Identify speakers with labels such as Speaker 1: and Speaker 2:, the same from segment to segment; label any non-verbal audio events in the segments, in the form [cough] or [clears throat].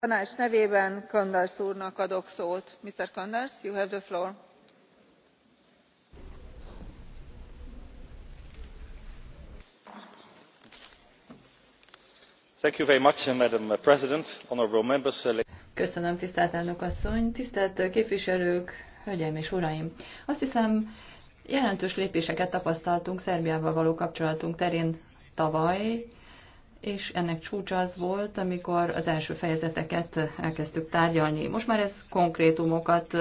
Speaker 1: tanács nevében kanders úrnak adok szót. mr kanders you have the floor.
Speaker 2: madam president honourable members uh,
Speaker 3: köszönöm tisztelt elnök asszony tisztelt uh, képviselők hölgyeim és uraim! azt hiszem jelentős lépéseket tapasztaltunk szerbiával való kapcsolatunk terén tavaly és ennek csúcsa az volt, amikor az első fejezeteket elkezdtük tárgyalni. Most már ez konkrétumokat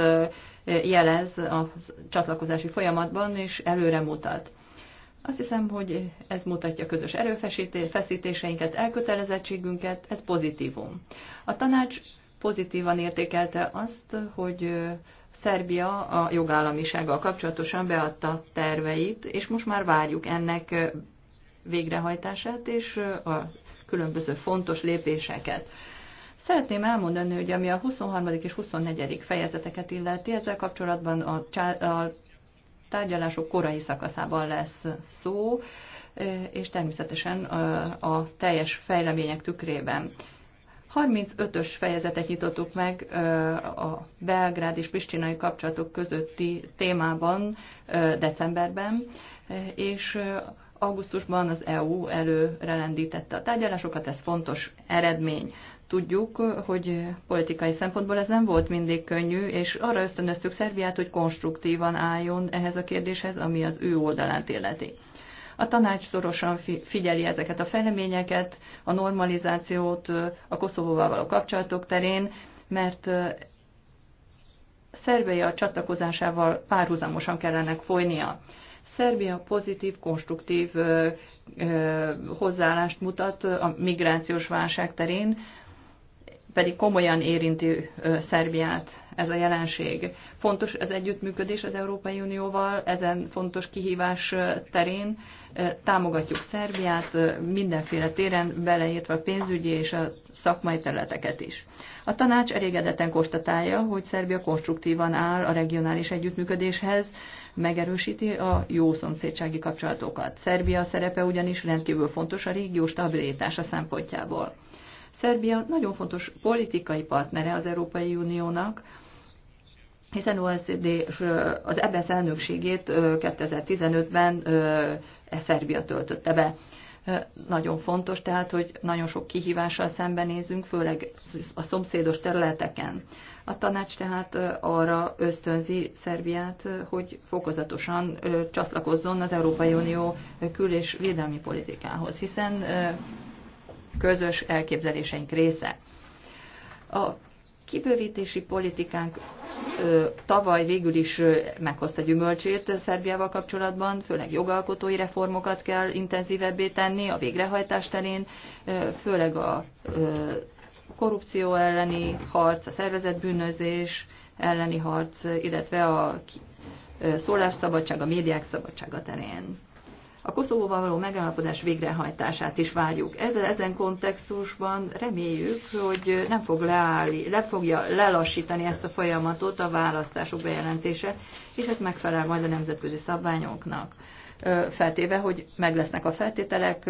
Speaker 3: jelez a csatlakozási folyamatban, és előre mutat. Azt hiszem, hogy ez mutatja közös erőfeszítéseinket, elkötelezettségünket, ez pozitívum. A tanács pozitívan értékelte azt, hogy Szerbia a jogállamisággal kapcsolatosan beadta terveit, és most már várjuk ennek végrehajtását és a különböző fontos lépéseket. Szeretném elmondani, hogy ami a 23. és 24. fejezeteket illeti, ezzel kapcsolatban a, a tárgyalások korai szakaszában lesz szó, és természetesen a teljes fejlemények tükrében. 35-ös fejezetet nyitottuk meg a Belgrád és Pristinai kapcsolatok közötti témában decemberben, és Augusztusban az EU előrelendítette a tárgyalásokat, ez fontos eredmény. Tudjuk, hogy politikai szempontból ez nem volt mindig könnyű, és arra ösztönöztük Szerbiát, hogy konstruktívan álljon ehhez a kérdéshez, ami az ő oldalát illeti. A tanács szorosan figyeli ezeket a fejleményeket, a normalizációt a Koszovóval való kapcsolatok terén, mert Szerbia csatlakozásával párhuzamosan kellene folynia. Szerbia pozitív, konstruktív hozzáállást mutat a migrációs válság terén, pedig komolyan érinti Szerbiát ez a jelenség. Fontos az együttműködés az Európai Unióval ezen fontos kihívás terén. Támogatjuk Szerbiát mindenféle téren, beleértve a pénzügyi és a szakmai területeket is. A tanács elégedetten konstatálja, hogy Szerbia konstruktívan áll a regionális együttműködéshez, megerősíti a jó szomszédsági kapcsolatokat. Szerbia szerepe ugyanis rendkívül fontos a régió stabilitása szempontjából. Szerbia nagyon fontos politikai partnere az Európai Uniónak, hiszen OSZD az EBSZ e elnökségét 2015-ben e Szerbia töltötte be. Nagyon fontos tehát, hogy nagyon sok kihívással szembenézünk, főleg a szomszédos területeken. A tanács tehát arra ösztönzi Szerbiát, hogy fokozatosan csatlakozzon az Európai Unió kül- és védelmi politikához, hiszen közös elképzeléseink része. A kibővítési politikánk tavaly végül is meghozta gyümölcsét Szerbiával kapcsolatban, főleg jogalkotói reformokat kell intenzívebbé tenni a végrehajtás terén, főleg a korrupció elleni harc, a szervezetbűnözés elleni harc, illetve a szólásszabadság, a médiák szabadsága terén. A Koszovóval való megállapodás végrehajtását is várjuk. Ebben ezen kontextusban reméljük, hogy nem fog leállni, le fogja lelassítani ezt a folyamatot a választások bejelentése, és ez megfelel majd a nemzetközi szabványoknak feltéve, hogy meg lesznek a feltételek,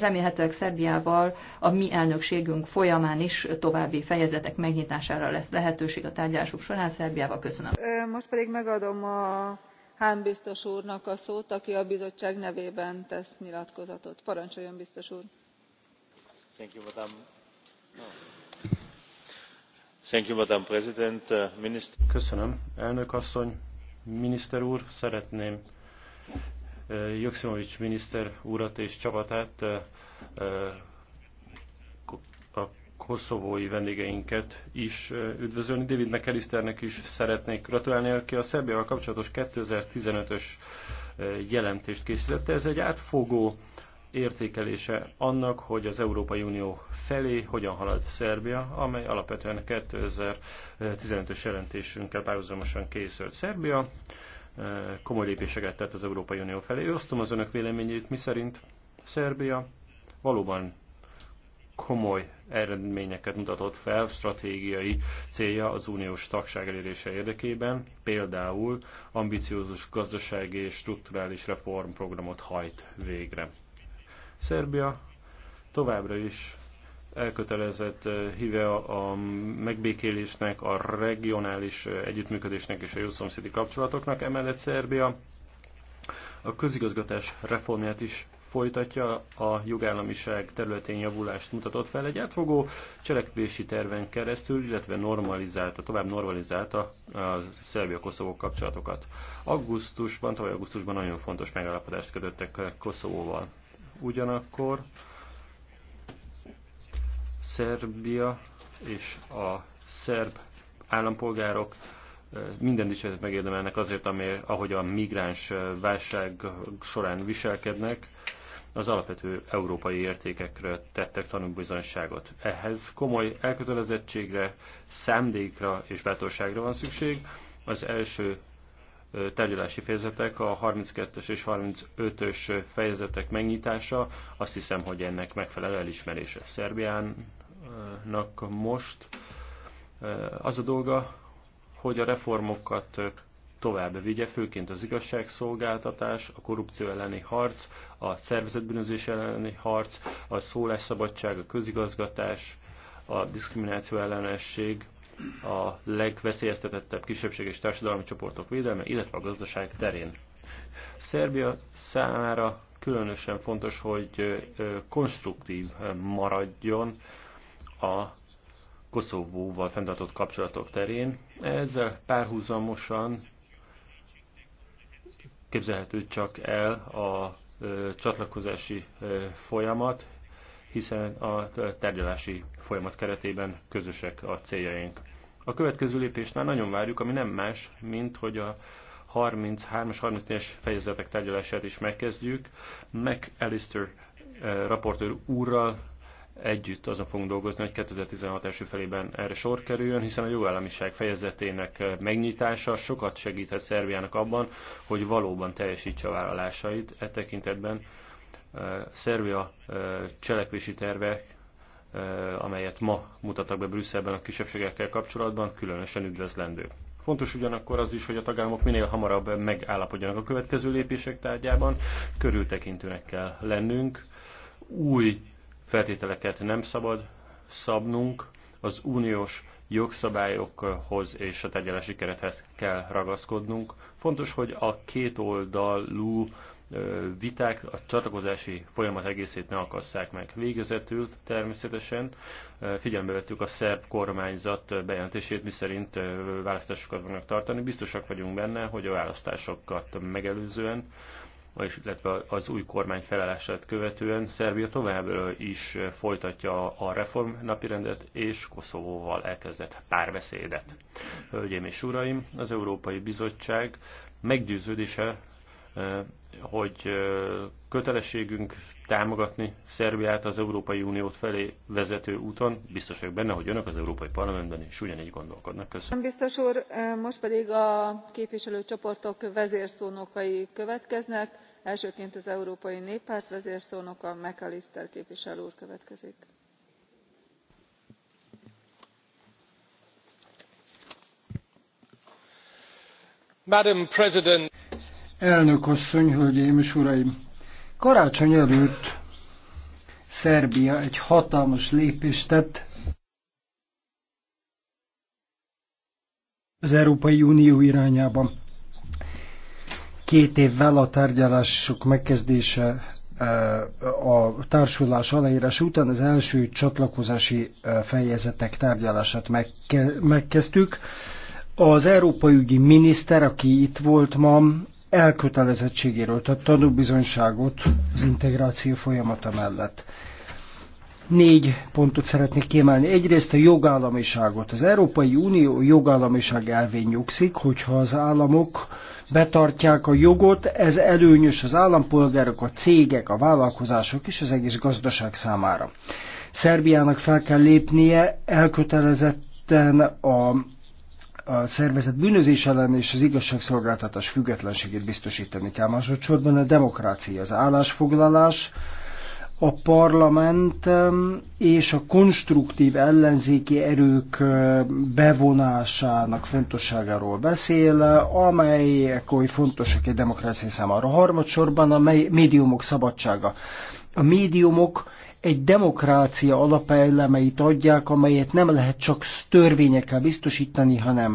Speaker 3: remélhetőleg Szerbiával a mi elnökségünk folyamán is további fejezetek megnyitására lesz lehetőség a tárgyalások során Szerbiával. Köszönöm.
Speaker 1: Most pedig megadom a Hán biztos úrnak a szót aki a bizottság nevében tesz nyilatkozatot. parancsoljon biztos úr!
Speaker 4: Uh, köszönöm elnök asszony miniszter úr szeretném Eh, Joksimovics miniszter urat és csapatát, eh, eh, a koszovói vendégeinket is üdvözölni. David McAllisternek is szeretnék gratulálni, aki a Szerbiával kapcsolatos 2015-ös jelentést készítette. Ez egy átfogó értékelése annak, hogy az Európai Unió felé hogyan halad Szerbia, amely alapvetően 2015-ös jelentésünkkel párhuzamosan készült. Szerbia komoly lépéseket tett az Európai Unió felé. Osztom az önök véleményét, miszerint Szerbia valóban komoly eredményeket mutatott fel stratégiai célja az uniós tagság elérése érdekében, például ambiciózus gazdasági és strukturális reformprogramot hajt végre. Szerbia továbbra is elkötelezett eh, híve a megbékélésnek, a regionális eh, együttműködésnek és a jó szomszédi kapcsolatoknak. Emellett Szerbia a közigazgatás reformját is folytatja, a jogállamiság területén javulást mutatott fel egy átfogó cselekvési terven keresztül, illetve normalizálta, tovább normalizálta a Szerbia-Koszovó kapcsolatokat. Augusztusban, tavaly augusztusban nagyon fontos megállapodást kötöttek Koszovóval. Ugyanakkor Szerbia és a szerb állampolgárok minden dicséretet megérdemelnek azért, amely, ahogy a migráns válság során viselkednek, az alapvető európai értékekre tettek tanúbizonyságot. Ehhez komoly elkötelezettségre, szándékra és bátorságra van szükség. Az első tárgyalási fejezetek, a 32-es és 35-ös fejezetek megnyitása, azt hiszem, hogy ennek megfelelő elismerése Szerbián Nak most az a dolga, hogy a reformokat tovább vigye, főként az igazságszolgáltatás, a korrupció elleni harc, a szervezetbűnözés elleni harc, a szólásszabadság, a közigazgatás, a diszkrimináció ellenesség, a legveszélyeztetettebb kisebbség és társadalmi csoportok védelme, illetve a gazdaság terén. Szerbia számára különösen fontos, hogy konstruktív maradjon, a Koszovóval fenntartott kapcsolatok terén. Ezzel párhuzamosan képzelhető csak el a csatlakozási folyamat, hiszen a tárgyalási folyamat keretében közösek a céljaink. A következő lépést már nagyon várjuk, ami nem más, mint hogy a 33-as, 34-es fejezetek tárgyalását is megkezdjük. Mac Alistair raportőr úrral együtt azon fogunk dolgozni, hogy 2016 első felében erre sor kerüljön, hiszen a jogállamiság fejezetének megnyitása sokat segíthet Szerbiának abban, hogy valóban teljesítse a vállalásait. E tekintetben e, Szerbia e, cselekvési terve, e, amelyet ma mutattak be Brüsszelben a kisebbségekkel kapcsolatban, különösen üdvözlendő. Fontos ugyanakkor az is, hogy a tagállamok minél hamarabb megállapodjanak a következő lépések tárgyában, körültekintőnek kell lennünk, új feltételeket nem szabad szabnunk, az uniós jogszabályokhoz és a tárgyalási kerethez kell ragaszkodnunk. Fontos, hogy a két oldalú viták a csatlakozási folyamat egészét ne akasszák meg. Végezetül természetesen figyelembe vettük a szerb kormányzat bejelentését, miszerint választásokat fognak tartani. Biztosak vagyunk benne, hogy a választásokat megelőzően és illetve az új kormány felállását követően Szerbia továbbra is folytatja a reform napirendet és Koszovóval elkezdett párbeszédet. Hölgyeim és uraim, az Európai Bizottság meggyőződése, eh, hogy eh, kötelességünk támogatni Szerbiát az Európai Uniót felé vezető úton. Biztos vagyok benne, hogy önök az Európai Parlamentben is ugyanígy gondolkodnak. Köszönöm.
Speaker 1: Biztos úr, most pedig a képviselőcsoportok vezérszónokai következnek. Elsőként az Európai Néppárt vezérszónoka McAllister képviselő úr következik.
Speaker 5: Madam President.
Speaker 6: Elnök asszony, hölgyeim és uraim! Karácsony előtt Szerbia egy hatalmas lépést tett az Európai Unió irányában. Két évvel a tárgyalások megkezdése e, a társulás aláírás után az első csatlakozási e, fejezetek tárgyalását megkezdtük. Az európai ügyi miniszter, aki itt volt ma, elkötelezettségéről tett tanúbizonyságot az integráció folyamata mellett. Négy pontot szeretnék kiemelni. Egyrészt a jogállamiságot. Az Európai Unió jogállamiság elvén nyugszik, hogyha az államok betartják a jogot, ez előnyös az állampolgárok, a cégek, a vállalkozások és az egész gazdaság számára. Szerbiának fel kell lépnie elkötelezetten a a szervezet bűnözés ellen és az igazságszolgáltatás függetlenségét biztosítani kell. Másodszorban a demokrácia, az állásfoglalás, a parlament és a konstruktív ellenzéki erők bevonásának fontosságáról beszél, amelyek oly fontosak egy demokrácia számára. Harmadsorban a médiumok szabadsága. A médiumok egy demokrácia alapelemeit adják, amelyet nem lehet csak törvényekkel biztosítani, hanem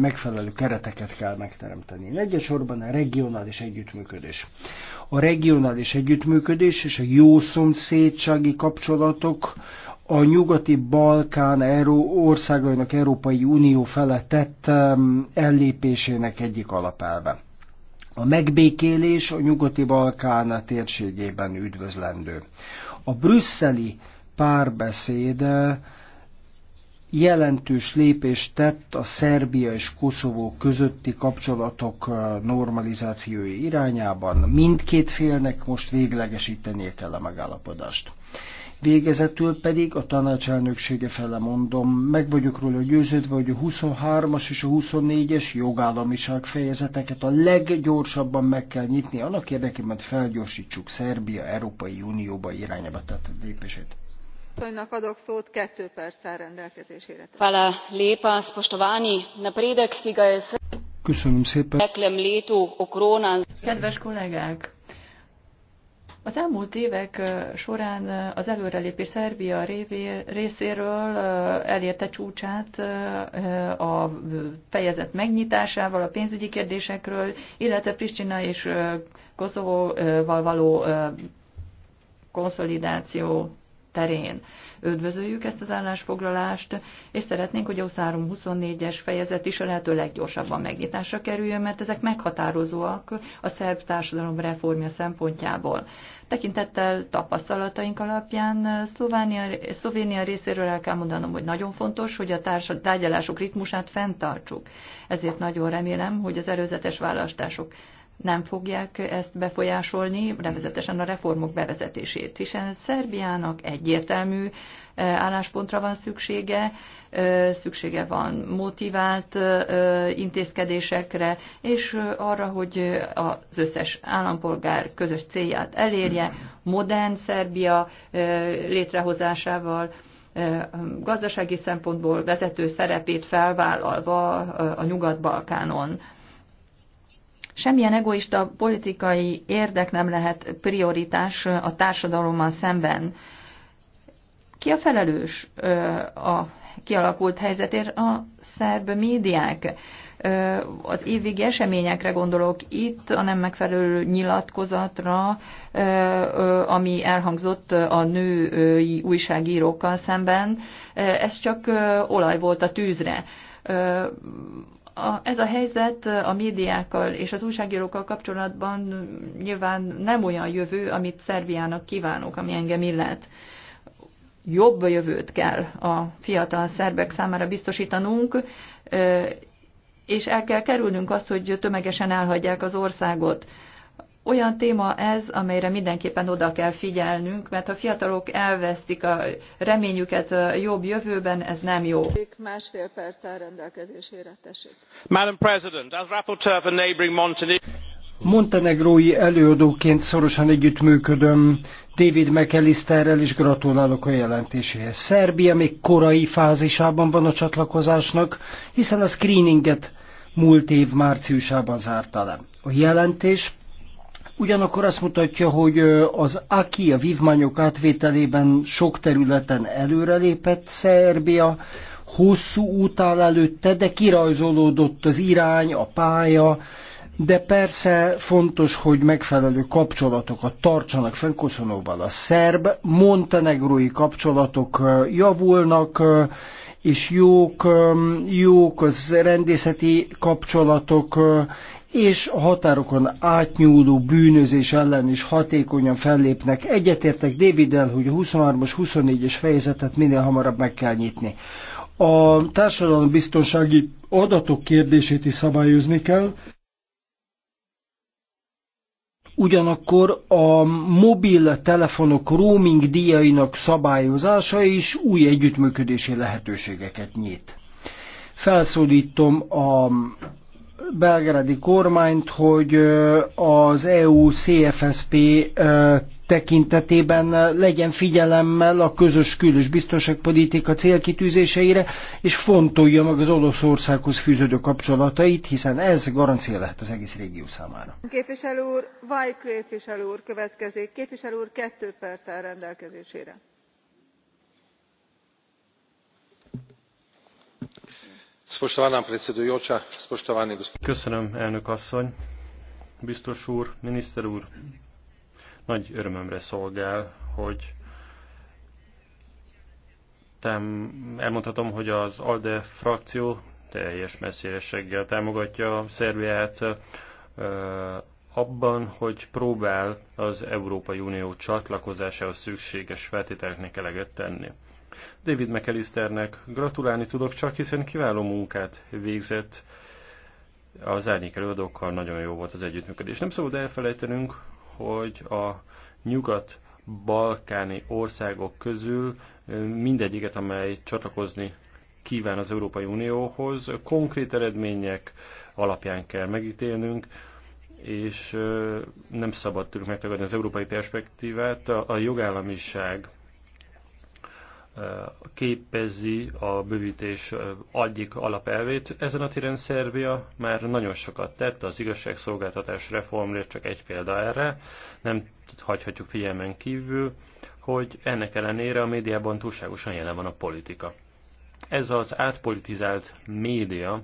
Speaker 6: megfelelő kereteket kell megteremteni. Egyesorban a regionális együttműködés. A regionális együttműködés és a jó szomszédsági kapcsolatok a nyugati Balkán Euró országainak Európai Unió fele tett ellépésének egyik alapelve. A megbékélés a nyugati Balkán térségében üdvözlendő. A brüsszeli párbeszéd jelentős lépést tett a Szerbia és Koszovó közötti kapcsolatok normalizációja irányában. Mindkét félnek most véglegesítenie kell a megállapodást. Végezetül pedig a tanácselnöksége fele mondom, meg vagyok róla győződve, hogy a 23-as és a 24-es jogállamiság fejezeteket a leggyorsabban meg kell nyitni, annak érdekében felgyorsítsuk Szerbia Európai Unióba irányába tett lépését.
Speaker 1: Asszonynak adok szót, kettő perccel rendelkezésére. Fala lépa, spoštovani napredek, ki
Speaker 6: Köszönöm szépen.
Speaker 3: Kedves kollégák, az elmúlt évek során az előrelépés Szerbia részéről elérte csúcsát a fejezet megnyitásával, a pénzügyi kérdésekről, illetve Pristina és Koszovóval való konszolidáció terén. Üdvözöljük ezt az állásfoglalást, és szeretnénk, hogy a 24 es fejezet is a lehető leggyorsabban megnyitásra kerüljön, mert ezek meghatározóak a szerb társadalom reformja szempontjából. Tekintettel tapasztalataink alapján Szlovánia, Szlovénia részéről el kell mondanom, hogy nagyon fontos, hogy a tárgyalások ritmusát fenntartsuk. Ezért nagyon remélem, hogy az előzetes választások nem fogják ezt befolyásolni, nevezetesen a reformok bevezetését, hiszen Szerbiának egyértelmű e, álláspontra van szüksége, e, szüksége van motivált e, intézkedésekre, és arra, hogy az összes állampolgár közös célját elérje, modern Szerbia létrehozásával, gazdasági szempontból vezető szerepét felvállalva a Nyugat-Balkánon. Semmilyen egoista politikai érdek nem lehet prioritás a társadalommal szemben. Ki a felelős a kialakult helyzetért? A szerb médiák. Az évvégi eseményekre gondolok itt, a nem megfelelő nyilatkozatra, ami elhangzott a női újságírókkal szemben. Ez csak olaj volt a tűzre a, ez a helyzet a médiákkal és az újságírókkal kapcsolatban nyilván nem olyan jövő, amit Szerbiának kívánok, ami engem illet. Jobb jövőt kell a fiatal szerbek számára biztosítanunk, és el kell kerülnünk azt, hogy tömegesen elhagyják az országot olyan téma ez, amelyre mindenképpen oda kell figyelnünk, mert ha fiatalok elvesztik a reményüket a jobb jövőben, ez nem jó.
Speaker 1: Másfél perc áll rendelkezésére, tessék.
Speaker 5: Madam President, as rapporteur for neighboring Montenegro...
Speaker 6: Montenegrói előadóként szorosan együttműködöm David McAllisterrel és gratulálok a jelentéséhez. Szerbia még korai fázisában van a csatlakozásnak, hiszen a screeninget múlt év márciusában zárta le. A jelentés Ugyanakkor azt mutatja, hogy az AKI a vívmányok átvételében sok területen előrelépett Szerbia, hosszú út áll előtte, de kirajzolódott az irány, a pálya, de persze fontos, hogy megfelelő kapcsolatokat tartsanak fenn Koszonóval. A szerb-montenegrói kapcsolatok javulnak, és jók, jók az rendészeti kapcsolatok, és a határokon átnyúló bűnözés ellen is hatékonyan fellépnek. Egyetértek Daviddel, hogy a 23-as, 24-es fejezetet minél hamarabb meg kell nyitni. A társadalmi biztonsági adatok kérdését is szabályozni kell. Ugyanakkor a mobil telefonok roaming díjainak szabályozása is új együttműködési lehetőségeket nyit. Felszólítom a belgrádi kormányt, hogy az EU CFSP tekintetében legyen figyelemmel a közös kül- és biztonságpolitika célkitűzéseire, és fontolja meg az Oroszországhoz fűződő kapcsolatait, hiszen ez garancia lehet az egész régió számára.
Speaker 1: Képviselő úr, Vaj képviselő úr következik. Képviselő úr kettő perc áll rendelkezésére.
Speaker 4: Köszönöm, elnök asszony, biztos úr, miniszter úr. Nagy örömömre szolgál, hogy Tám, elmondhatom, hogy az ALDE frakció teljes messzérességgel támogatja Szerbiát abban, hogy próbál az Európai Unió csatlakozásához szükséges feltételeknek eleget tenni. David McAllisternek gratulálni tudok csak, hiszen kiváló munkát végzett az árnyék előadókkal, nagyon jó volt az együttműködés. Nem szabad elfelejtenünk, hogy a nyugat balkáni országok közül mindegyiket, amely csatlakozni kíván az Európai Unióhoz, konkrét eredmények alapján kell megítélnünk, és nem szabad tőlük megtagadni az európai perspektívát. A jogállamiság képezi a bővítés egyik alapelvét. Ezen a téren Szerbia már nagyon sokat tett, az igazságszolgáltatás reformért csak egy példa erre, nem hagyhatjuk figyelmen kívül, hogy ennek ellenére a médiában túlságosan jelen van a politika. Ez az átpolitizált média,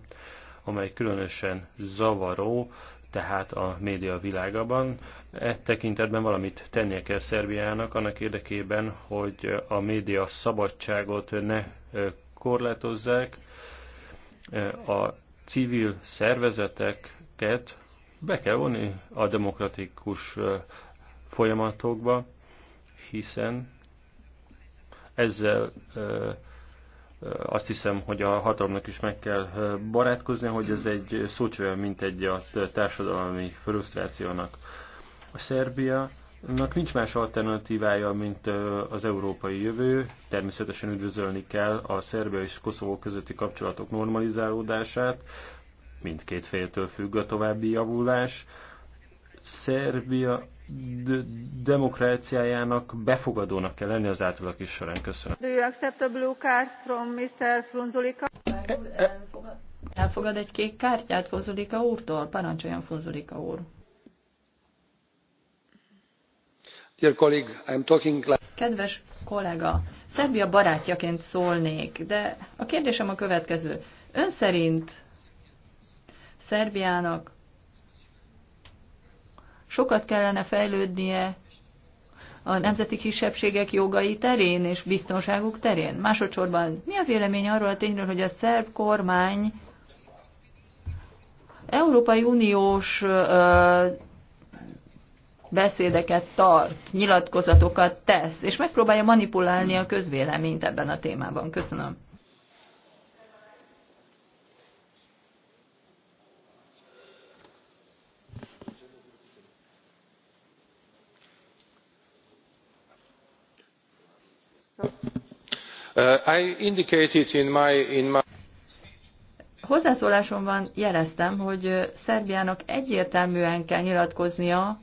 Speaker 4: amely különösen zavaró, tehát a média világában. E tekintetben valamit tennie kell Szerbiának annak érdekében, hogy a média szabadságot ne korlátozzák, a civil szervezeteket be kell vonni a demokratikus folyamatokba, hiszen ezzel azt hiszem, hogy a hatalomnak is meg kell barátkozni, hogy ez egy szócsolyan, mint egy a társadalmi frusztrációnak. A Szerbia nincs más alternatívája, mint az európai jövő. Természetesen üdvözölni kell a Szerbia és Koszovó közötti kapcsolatok normalizálódását, mindkét féltől függ a további javulás. Szerbia demokráciájának befogadónak kell lenni az is során. Köszönöm.
Speaker 1: Do you accept a blue card from Mr. Frunzulika? Elfogad, elfogad
Speaker 3: egy kék kártyát Frunzulika úrtól? Parancsoljon Frunzulika úr.
Speaker 6: Dear colleague, I'm talking
Speaker 3: like... Kedves kollega, Szerbia barátjaként szólnék, de a kérdésem a következő. Ön szerint Szerbiának Sokat kellene fejlődnie a nemzeti kisebbségek jogai terén és biztonságuk terén. Másodszorban mi a vélemény arról a tényről, hogy a szerb kormány Európai Uniós ö, beszédeket tart, nyilatkozatokat tesz, és megpróbálja manipulálni a közvéleményt ebben a témában. Köszönöm. Uh, Hozzászólásomban jeleztem, hogy uh, Szerbiának egyértelműen kell nyilatkoznia,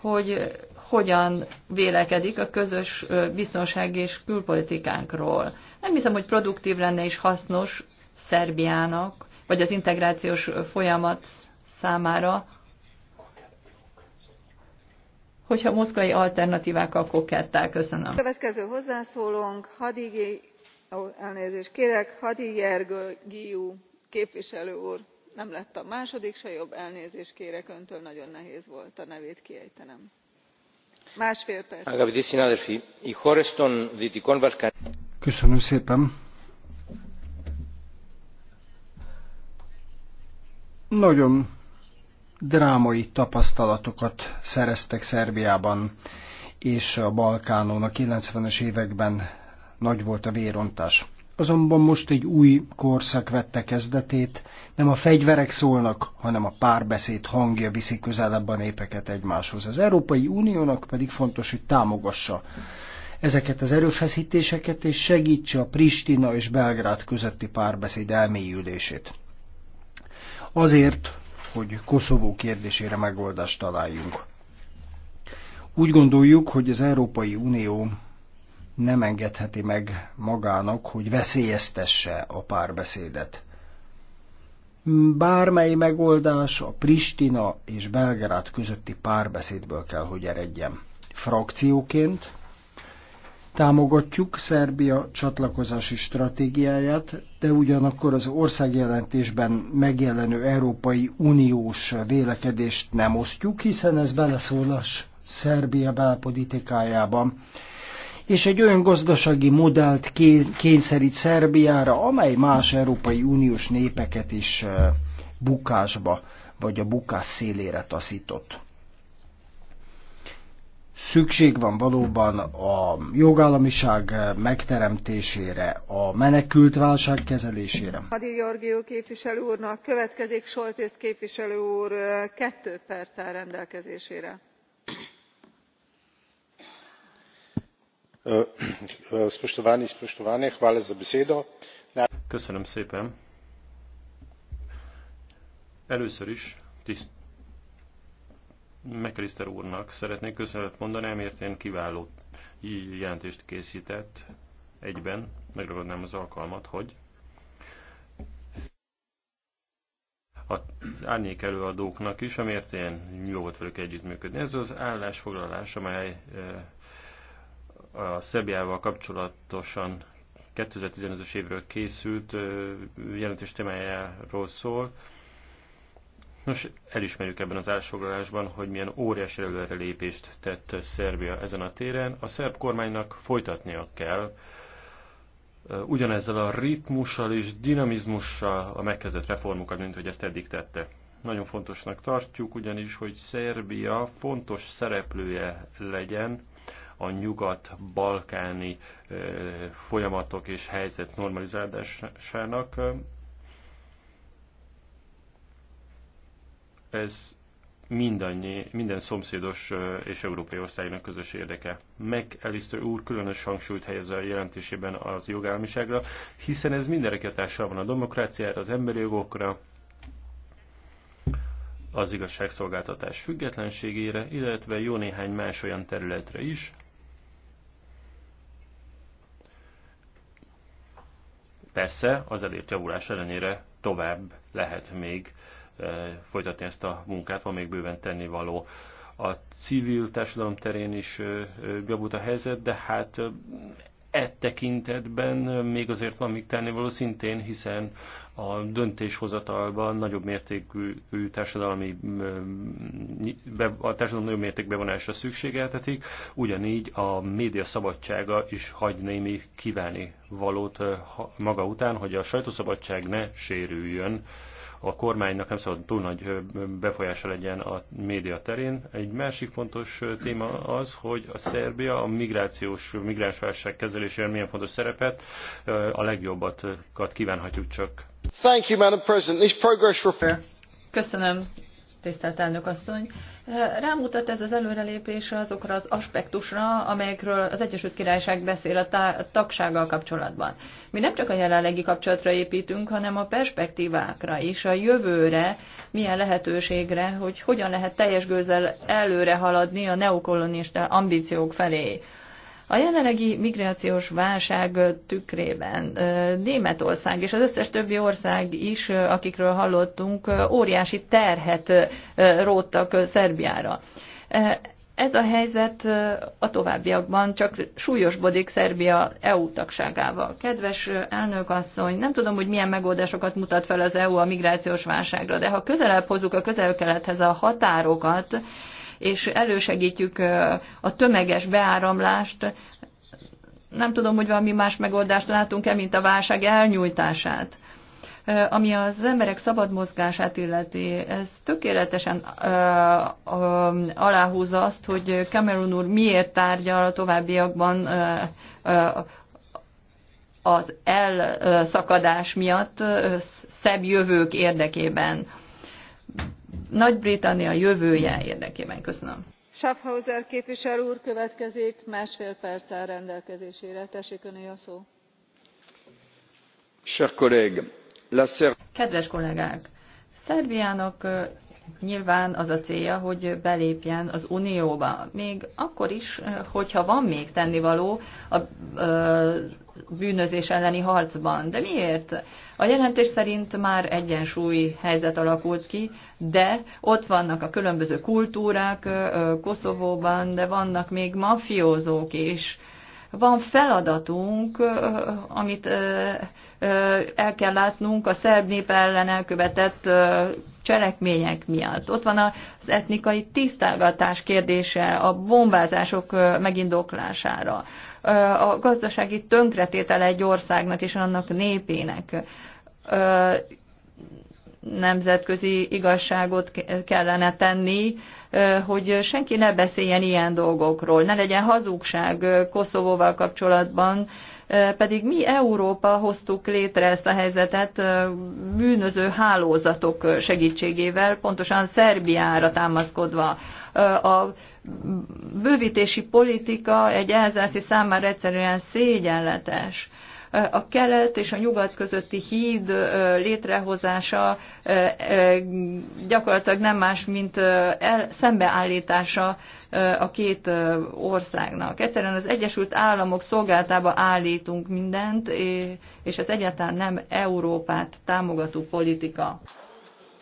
Speaker 3: hogy uh, hogyan vélekedik a közös biztonsági és külpolitikánkról. Nem hiszem, hogy produktív lenne és hasznos Szerbiának, vagy az integrációs folyamat számára, hogyha moszkvai alternatívákkal kokettel. Köszönöm. A
Speaker 1: következő hozzászólónk Hadigi, elnézést kérek, Ergő, Giu képviselő úr. Nem lett a második, se jobb elnézést kérek öntől, nagyon nehéz volt a nevét kiejtenem. Másfél perc.
Speaker 6: Köszönöm szépen. Nagyon drámai tapasztalatokat szereztek Szerbiában és a Balkánon a 90-es években nagy volt a vérontás. Azonban most egy új korszak vette kezdetét, nem a fegyverek szólnak, hanem a párbeszéd hangja viszi közelebb a népeket egymáshoz. Az Európai Uniónak pedig fontos, hogy támogassa ezeket az erőfeszítéseket, és segítse a Pristina és Belgrád közötti párbeszéd elmélyülését. Azért hogy Koszovó kérdésére megoldást találjunk. Úgy gondoljuk, hogy az Európai Unió nem engedheti meg magának, hogy veszélyeztesse a párbeszédet. Bármely megoldás a Pristina és Belgrád közötti párbeszédből kell, hogy eredjen. Frakcióként Támogatjuk Szerbia csatlakozási stratégiáját, de ugyanakkor az országjelentésben megjelenő Európai Uniós vélekedést nem osztjuk, hiszen ez beleszól a Szerbia belpolitikájában és egy olyan gazdasági modellt kényszerít Szerbiára, amely más Európai Uniós népeket is bukásba, vagy a bukás szélére taszított. Szükség van valóban a jogállamiság megteremtésére, a menekült válság kezelésére.
Speaker 1: Hadi Georgiou képviselő úrnak következik Soltész képviselő úr kettő perc áll rendelkezésére.
Speaker 7: Spoštovani, spoštovane, hvala za besedo. Köszönöm
Speaker 4: szépen. Először is tiszt McAllister úrnak szeretnék köszönetet mondani, amiért én kiváló jelentést készített egyben. Megragadnám az alkalmat, hogy a árnyék előadóknak is, amiért én jó volt velük együttműködni. Ez az állásfoglalás, amely eh, a Szebjával kapcsolatosan 2015-ös évről készült eh, jelentés témájáról szól. Nos, elismerjük ebben az elsoglalásban, hogy milyen óriási előrelépést tett Szerbia ezen a téren. A szerb kormánynak folytatnia kell ugyanezzel a ritmussal és dinamizmussal a megkezdett reformokat, mint hogy ezt eddig tette. Nagyon fontosnak tartjuk ugyanis, hogy Szerbia fontos szereplője legyen a nyugat-balkáni folyamatok és helyzet normalizálásának Ez mindannyi, minden szomszédos és európai országnak közös érdeke. McAllister úr különös hangsúlyt helyez a jelentésében az jogállamiságra, hiszen ez mindenre hatással van a demokráciára, az emberi jogokra, az igazságszolgáltatás függetlenségére, illetve jó néhány más olyan területre is, Persze, az elért javulás ellenére tovább lehet még folytatni ezt a munkát, van még bőven tennivaló. A civil társadalom terén is javult a helyzet, de hát e tekintetben még azért van még tennivaló szintén, hiszen a döntéshozatalban nagyobb mértékű társadalmi, mm, a társadalom nagyobb mértékű bevonásra szükségeltetik, ugyanígy a média szabadsága is hagy némi kívánni valót eh, maga után, hogy a sajtószabadság ne sérüljön, a kormánynak nem szabad túl nagy eh, befolyása legyen a média terén. Egy másik fontos eh, téma az, hogy a Szerbia a migrációs, migránsválság kezelésében milyen fontos szerepet, a legjobbakat kívánhatjuk
Speaker 3: csak Köszönöm, this progress report. Rámutat ez az előrelépés azokra az aspektusra, amelyekről az Egyesült Királyság beszél a tagsággal kapcsolatban. Mi nem csak a jelenlegi kapcsolatra építünk, hanem a perspektívákra és a jövőre, milyen lehetőségre, hogy hogyan lehet teljes gőzzel előre haladni a neokolonista ambíciók felé. A jelenlegi migrációs válság tükrében Németország és az összes többi ország is, akikről hallottunk, óriási terhet róttak Szerbiára. Ez a helyzet a továbbiakban csak súlyosbodik Szerbia EU tagságával. Kedves asszony, nem tudom, hogy milyen megoldásokat mutat fel az EU a migrációs válságra, de ha közelebb hozzuk a közel-kelethez a határokat, és elősegítjük a tömeges beáramlást, nem tudom, hogy valami más megoldást látunk-e, mint a válság elnyújtását. Ami az emberek szabad mozgását illeti, ez tökéletesen aláhúzza azt, hogy Cameron úr miért tárgyal a továbbiakban az elszakadás miatt szebb jövők érdekében. Nagy-Britannia jövője érdekében. Köszönöm.
Speaker 1: Schaffhauser képviselő úr következik, másfél perccel rendelkezésére. Tessék öné a szó.
Speaker 3: Kedves kollégák! Szerbiának nyilván az a célja, hogy belépjen az Unióba. Még akkor is, hogyha van még tennivaló a, a bűnözés elleni harcban. De miért? A jelentés szerint már egyensúly helyzet alakult ki, de ott vannak a különböző kultúrák Koszovóban, de vannak még mafiózók is. Van feladatunk, amit el kell látnunk a szerb nép ellen elkövetett cselekmények miatt. Ott van az etnikai tisztálgatás kérdése a bombázások megindoklására a gazdasági tönkretétele egy országnak és annak népének nemzetközi igazságot kellene tenni, hogy senki ne beszéljen ilyen dolgokról, ne legyen hazugság Koszovóval kapcsolatban, pedig mi Európa hoztuk létre ezt a helyzetet bűnöző hálózatok segítségével, pontosan Szerbiára támaszkodva. A bővítési politika egy elzászi számára egyszerűen szégyenletes a kelet és a nyugat közötti híd létrehozása gyakorlatilag nem más, mint el, szembeállítása a két országnak. Egyszerűen az Egyesült Államok szolgáltába állítunk mindent, és ez egyáltalán nem Európát támogató politika.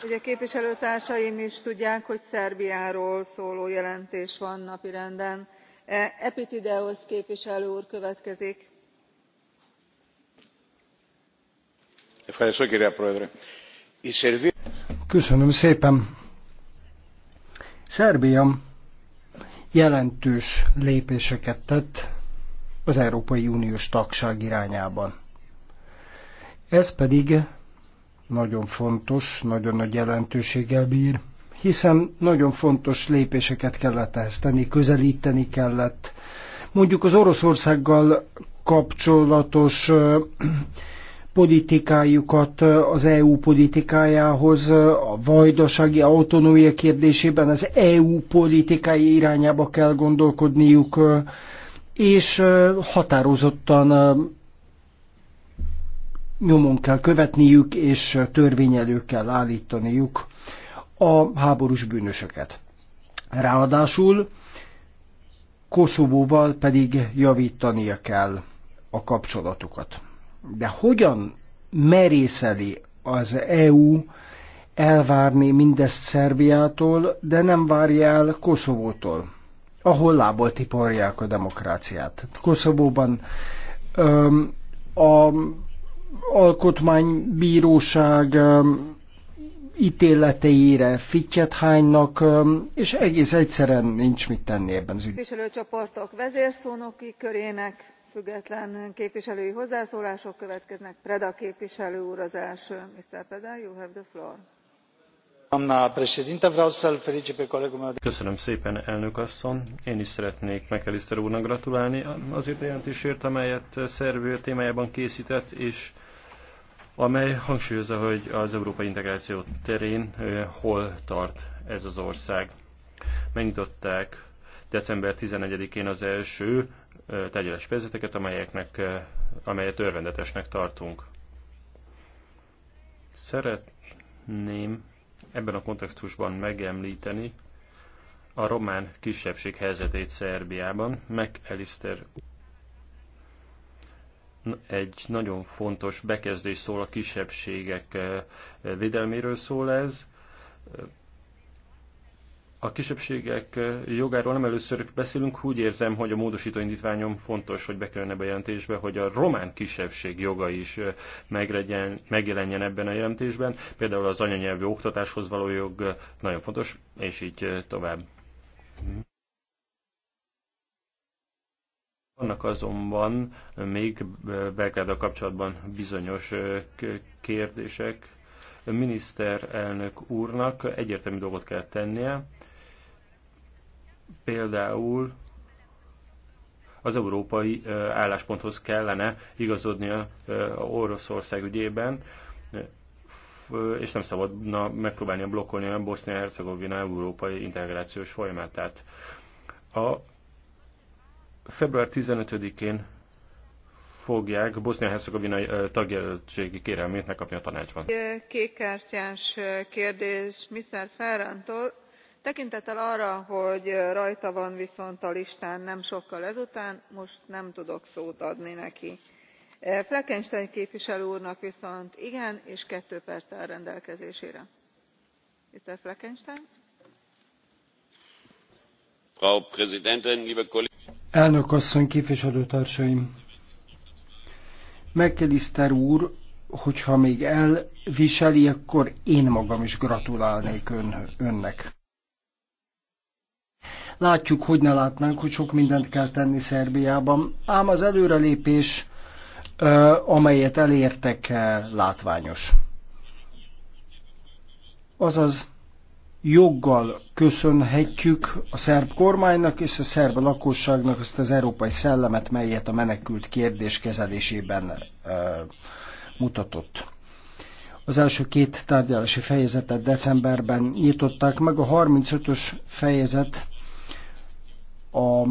Speaker 1: Ugye képviselőtársaim is tudják, hogy Szerbiáról szóló jelentés van napirenden. E, Epitideos képviselő úr következik.
Speaker 6: Köszönöm szépen. Szerbia jelentős lépéseket tett az Európai Uniós tagság irányában. Ez pedig nagyon fontos, nagyon nagy jelentőséggel bír, hiszen nagyon fontos lépéseket kellett ehhez tenni, közelíteni kellett. Mondjuk az Oroszországgal kapcsolatos politikájukat eh, az EU politikájához, eh, a vajdasági autonómia kérdésében az EU politikai irányába kell gondolkodniuk, eh, és határozottan nyomon kell követniük, és törvényelő kell állítaniuk a háborús bűnösöket. Ráadásul Koszovóval pedig javítania kell a kapcsolatukat de hogyan merészeli az EU elvárni mindezt Szerbiától, de nem várja el Koszovótól, ahol lából tiporják a demokráciát. Koszovóban öm, a alkotmánybíróság öm, ítéleteire fittyet hánynak, és egész egyszerűen nincs mit tenni ebben az ügyben.
Speaker 1: Képviselőcsoportok vezérszónoki körének független képviselői hozzászólások következnek preda képviselő úr az első. Mr. Preda, you have the floor.
Speaker 4: köszönöm szépen elnök asszony én is szeretnék mcallister úrnak gratulálni azért a jelentésért amelyet szerbia témájában készített és amely hangsúlyozza hogy az európai integráció terén hol tart ez az ország. megnyitották december 11-én az első tegyeles fejezeteket, amelyeknek, amelyet örvendetesnek tartunk. Szeretném ebben a kontextusban megemlíteni a román kisebbség helyzetét Szerbiában. Elister egy nagyon fontos bekezdés szól a kisebbségek védelméről szól ez a kisebbségek jogáról nem először beszélünk, úgy érzem, hogy a módosító indítványom fontos, hogy bekerülne a jelentésbe, hogy a román kisebbség joga is megregyen, megjelenjen ebben a jelentésben. Például az anyanyelvű oktatáshoz való jog nagyon fontos, és így tovább. Vannak azonban még Belgráddal kapcsolatban bizonyos kérdések, miniszterelnök úrnak egyértelmű dolgot kell tennie, például az európai állásponthoz kellene igazodnia Oroszország ügyében, és nem szabadna megpróbálni blokkolni a Bosznia-Hercegovina európai integrációs folyamatát. A február 15-én fogják Bosznia-Hercegovina tagjelöltségi kérelmét megkapni a tanácsban.
Speaker 1: Kékkártyás kérdés Mr. Ferrantól tekintettel arra hogy rajta van viszont a listán nem sokkal ezután most nem tudok szót adni neki. fleckenstein képviselő úrnak viszont igen és two perc áll rendelkezésére. mr fleckenstein.
Speaker 2: frau präsidentin liebe kollegen!
Speaker 6: elnök asszony képviselőtársaim! mcallister úr hogyha még elviseli, akkor én magam is gratulálnék ön, önnek. Látjuk, hogy ne látnánk, hogy sok mindent kell tenni Szerbiában, ám az előrelépés, amelyet elértek, látványos. Azaz joggal köszönhetjük a szerb kormánynak és a szerb lakosságnak azt az európai szellemet, melyet a menekült kérdés kezelésében mutatott. Az első két tárgyalási fejezetet decemberben nyitották meg, a 35-ös fejezet a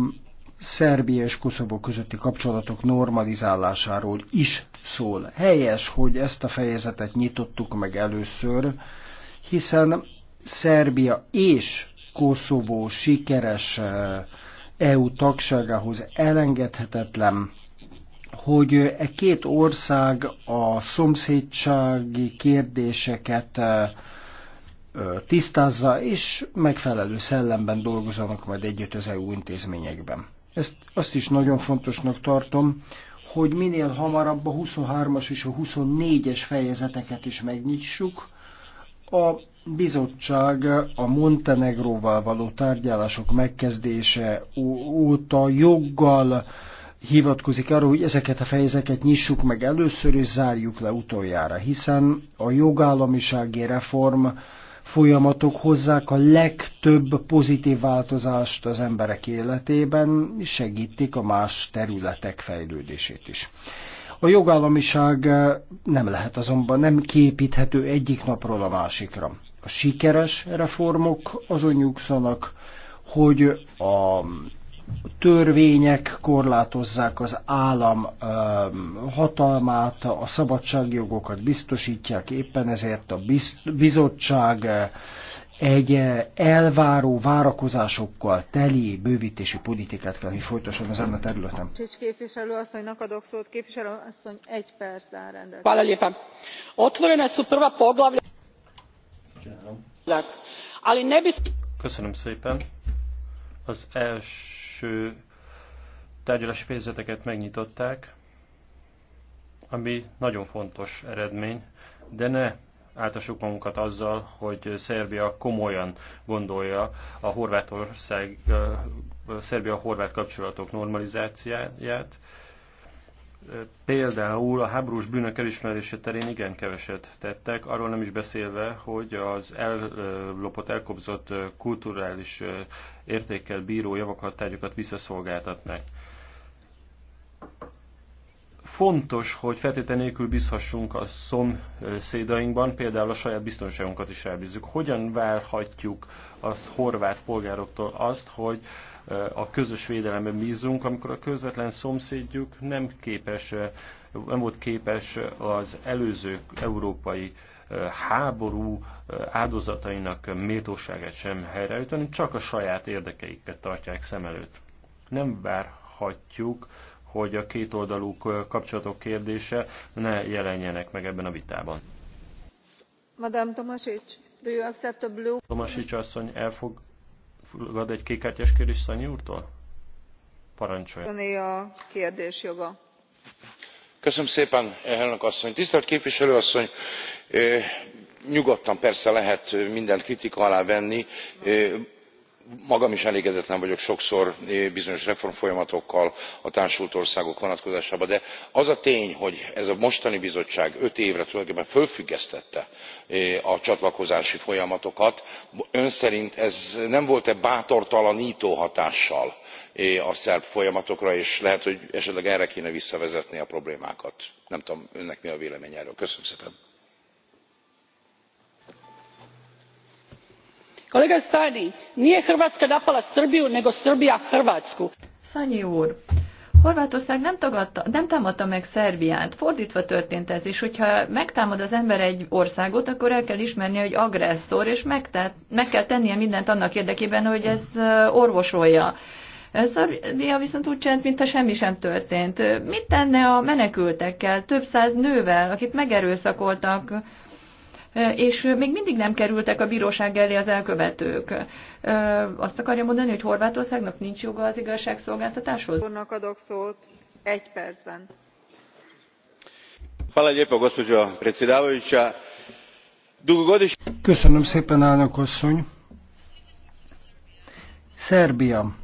Speaker 6: Szerbia és Koszovó közötti kapcsolatok normalizálásáról is szól. Helyes, hogy ezt a fejezetet nyitottuk meg először, hiszen Szerbia és Koszovó sikeres EU eh, e tagságához elengedhetetlen, hogy e két ország a szomszédsági kérdéseket eh, tisztázza, és megfelelő szellemben dolgozanak majd együtt az EU intézményekben. Ezt azt is nagyon fontosnak tartom, hogy minél hamarabb a 23-as és a 24-es fejezeteket is megnyissuk. A bizottság a Montenegróval való tárgyalások megkezdése óta joggal hivatkozik arra, hogy ezeket a fejezeket nyissuk meg először és zárjuk le utoljára, hiszen a jogállamisági reform folyamatok hozzák a legtöbb pozitív változást az emberek életében, és segítik a más területek fejlődését is. A jogállamiság eh, nem lehet azonban, nem képíthető egyik napról a másikra. A sikeres reformok azon nyugszanak, hogy a törvények korlátozzák az állam hatalmát, a szabadságjogokat biztosítják, éppen ezért a bizottság egy elváró várakozásokkal teli bővítési politikát kell, hogy folytosan az a területen.
Speaker 1: Csics képviselő asszonynak adok szót, képviselő asszony egy perc áll rendelkezésre. Otvorene van prva poglavlja. Ali ne
Speaker 4: Köszönöm szépen. Az első első tárgyalási fejezeteket megnyitották, ami nagyon fontos eredmény, de ne áltassuk magunkat azzal, hogy Szerbia komolyan gondolja a Horvátország, Szerbia-Horvát kapcsolatok normalizációját, például a háborús bűnök elismerése terén igen keveset tettek, arról nem is beszélve, hogy az ellopott, elkobzott kulturális értékkel bíró javakat, tárgyakat visszaszolgáltatnak. Fontos, hogy feltétlen nélkül bízhassunk a szomszédainkban, például a saját biztonságunkat is elbízzük. Hogyan várhatjuk az horvát polgároktól azt, hogy Eh, a közös védelemben bízunk, amikor a közvetlen szomszédjuk nem képes, eh, nem volt képes az előző európai eh, háború áldozatainak méltóságát sem helyreállítani, csak a saját érdekeiket tartják szem előtt. Nem várhatjuk, hogy a kétoldalú kapcsolatok kérdése ne jelenjenek meg ebben a vitában.
Speaker 1: Madame Tomasic, do you accept a blue? Tomasic
Speaker 4: asszony elfog fogad egy kékártyás kérdés Szanyi úrtól?
Speaker 1: Parancsolja. a kérdés joga.
Speaker 2: Köszönöm szépen, elnök asszony. Tisztelt képviselő asszony, eh, nyugodtan persze lehet eh, mindent kritika alá venni. Eh, magam is elégedetlen vagyok sokszor eh, bizonyos reformfolyamatokkal a társult országok vonatkozásában de az a tény hogy ez a mostani bizottság öt évre tulajdonképpen fölfüggesztette eh, a csatlakozási folyamatokat ön szerint ez nem volt e bátortalantó hatással eh, a szerb folyamatokra és lehet hogy esetleg erre kéne visszavezetni a problémákat? nem tudom önnek mi a véleménye erről. köszönöm szépen.
Speaker 1: kolega szanyi
Speaker 3: nije hrvatska napala srbiju nego srbija hrvatsku. szanyi úr Horvátország nem, tagadta, nem támadta meg Szerbiát, fordítva történt ez is, hogyha megtámad az ember egy országot, akkor el kell ismerni, hogy agresszor, és megtett, meg kell tennie mindent annak érdekében, hogy ez orvosolja. Szerbia viszont úgy csinált, mintha semmi sem történt. Mit tenne a menekültekkel, több száz nővel, akit megerőszakoltak, és még mindig nem kerültek a bíróság elé az elkövetők. Azt akarja mondani, hogy Horvátországnak nincs joga az igazságszolgáltatáshoz? Úrnak adok szót
Speaker 1: egy percben.
Speaker 6: Köszönöm szépen, elnök asszony! Szerbia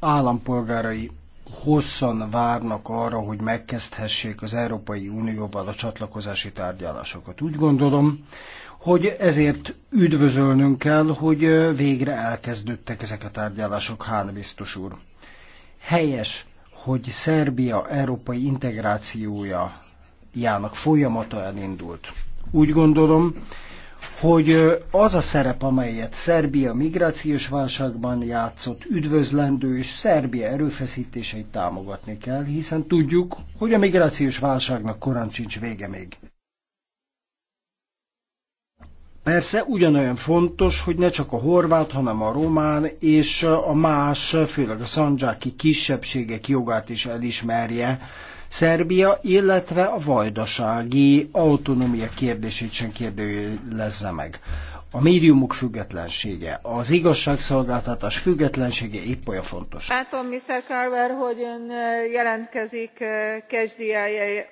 Speaker 6: állampolgárai hosszan várnak arra, hogy megkezdhessék az Európai Unióval a csatlakozási tárgyalásokat. Úgy gondolom, hogy ezért üdvözölnünk kell, hogy végre elkezdődtek ezek a tárgyalások, Hán biztos úr. Helyes, hogy Szerbia európai integrációjának folyamata elindult. Úgy gondolom, hogy az a szerep, amelyet Szerbia migrációs válságban játszott, üdvözlendő, és Szerbia erőfeszítéseit támogatni kell, hiszen tudjuk, hogy a migrációs válságnak korán sincs vége még. Persze ugyanolyan fontos, hogy ne csak a horvát, hanem a román és a más, főleg a szandzsáki kisebbségek jogát is elismerje Szerbia, illetve a vajdasági autonómia kérdését sem kérdőjelezze meg. A médiumok függetlensége, az igazságszolgáltatás függetlensége épp olyan fontos.
Speaker 1: Látom, Mr. Carver, hogy ön jelentkezik kezdiája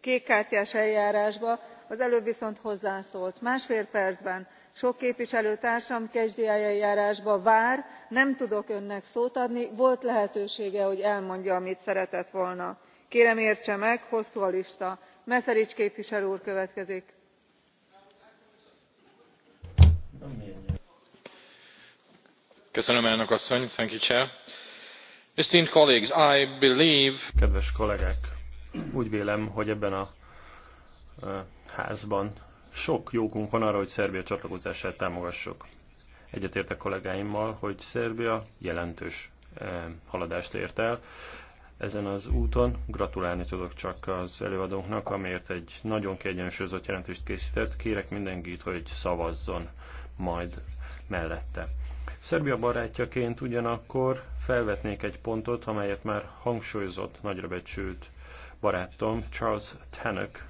Speaker 1: kékkártyás eljárásba, az előbb viszont hozzászólt. Másfél percben sok képviselőtársam kezdiája eljárásba vár, nem tudok önnek szót adni volt lehetősége hogy elmondja amit szeretett volna. kérem értse meg hosszú a lista. meszerics képviselő úr következik.
Speaker 5: elnök asszony!
Speaker 4: kedves kollégák! úgy vélem hogy ebben a eh, házban sok jókunk van arra hogy szerbia csatlakozását támogassuk. Egyetértek kollégáimmal, hogy Szerbia jelentős eh, haladást ért el. Ezen az úton gratulálni tudok csak az előadónknak, amiért egy nagyon kiegyensúlyozott jelentést készített. Kérek mindenkit, hogy szavazzon majd mellette. Szerbia barátjaként ugyanakkor felvetnék egy pontot, amelyet már hangsúlyozott nagyra becsült barátom Charles Tannock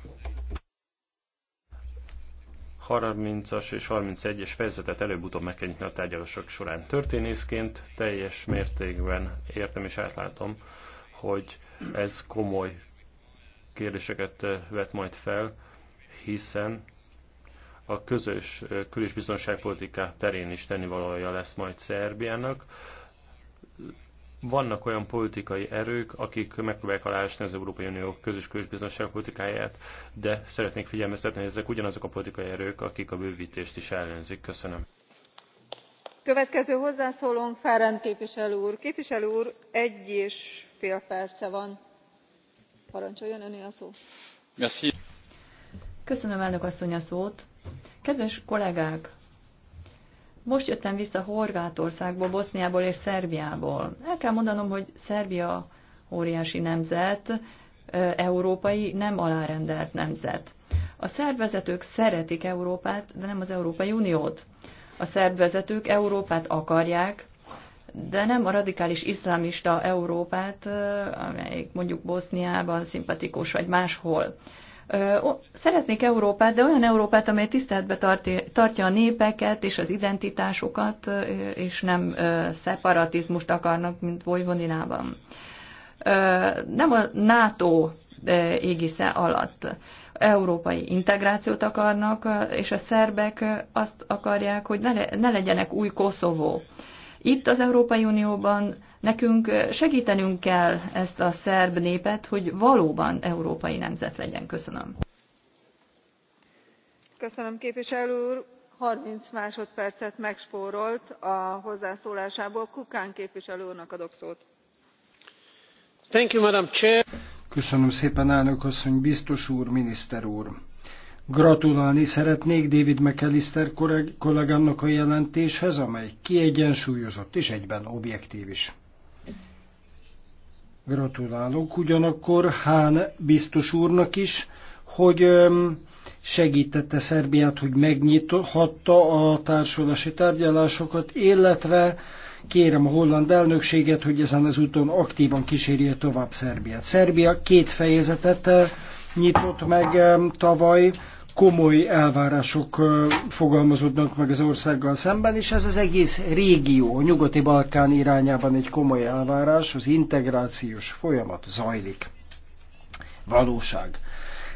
Speaker 4: 30-as és 31-es fejezetet előbb-utóbb meg kell nyitni a tárgyalások során. Történészként teljes mértékben értem és átlátom, hogy ez komoly kérdéseket eh, vet majd fel, hiszen a közös eh, kül- és biztonságpolitika terén is tennivalója lesz majd Szerbiának. Vannak olyan politikai erők, akik megpróbálják alásni az Európai Unió közös közbiztonság politikáját, de szeretnék figyelmeztetni, hogy ezek ugyanazok a politikai erők, akik a bővítést is ellenzik. Köszönöm.
Speaker 1: Következő hozzászólónk Fárán képviselő úr. Képviselő úr, egy és fél perce van. Parancsoljon öné a szó.
Speaker 3: Köszönöm elnök asszony a szót. Kedves kollégák, most jöttem vissza Horvátországból, Boszniából és Szerbiából. El kell mondanom, hogy Szerbia óriási nemzet, európai, nem alárendelt nemzet. A szerb vezetők szeretik Európát, de nem az Európai Uniót. A szerb vezetők Európát akarják, de nem a radikális iszlámista Európát, amelyik mondjuk Boszniában szimpatikus, vagy máshol. Szeretnék Európát, de olyan Európát, amely tiszteletbe tartja a népeket és az identitásokat, és nem szeparatizmust akarnak, mint Vojvodinában. Nem a NATO égisze alatt európai integrációt akarnak, és a szerbek azt akarják, hogy ne legyenek új Koszovó. Itt az Európai Unióban Nekünk segítenünk kell ezt a szerb népet, hogy valóban európai nemzet legyen. Köszönöm.
Speaker 1: Köszönöm képviselő úr. 30 másodpercet megspórolt a hozzászólásából. Kukán képviselő úrnak adok szót.
Speaker 5: Thank you, Madam Chair.
Speaker 6: Köszönöm szépen, elnök asszony, biztos úr, miniszter úr. Gratulálni szeretnék David McAllister kollégámnak a jelentéshez, amely kiegyensúlyozott és egyben objektív is. Gratulálok ugyanakkor Hán biztos úrnak is, hogy segítette Szerbiát, hogy megnyithatta a társulási tárgyalásokat, illetve kérem a holland elnökséget, hogy ezen az úton aktívan kísérje tovább Szerbiát. Szerbia két fejezetet nyitott meg tavaly, komoly elvárások fogalmazódnak meg az országgal szemben, és ez az egész régió, a nyugati Balkán irányában egy komoly elvárás, az integrációs folyamat zajlik. Valóság.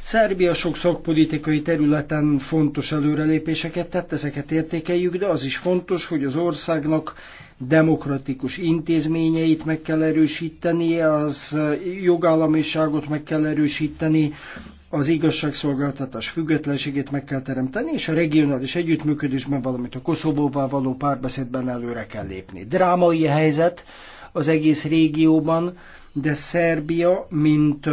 Speaker 6: Szerbia sok szakpolitikai területen fontos előrelépéseket tett, ezeket értékeljük, de az is fontos, hogy az országnak demokratikus intézményeit meg kell erősíteni, az jogállamiságot meg kell erősíteni, az igazságszolgáltatás függetlenségét meg kell teremteni, és a regionális együttműködésben, valamint a Koszovóval való párbeszédben előre kell lépni. Drámai helyzet az egész régióban, de Szerbia, mint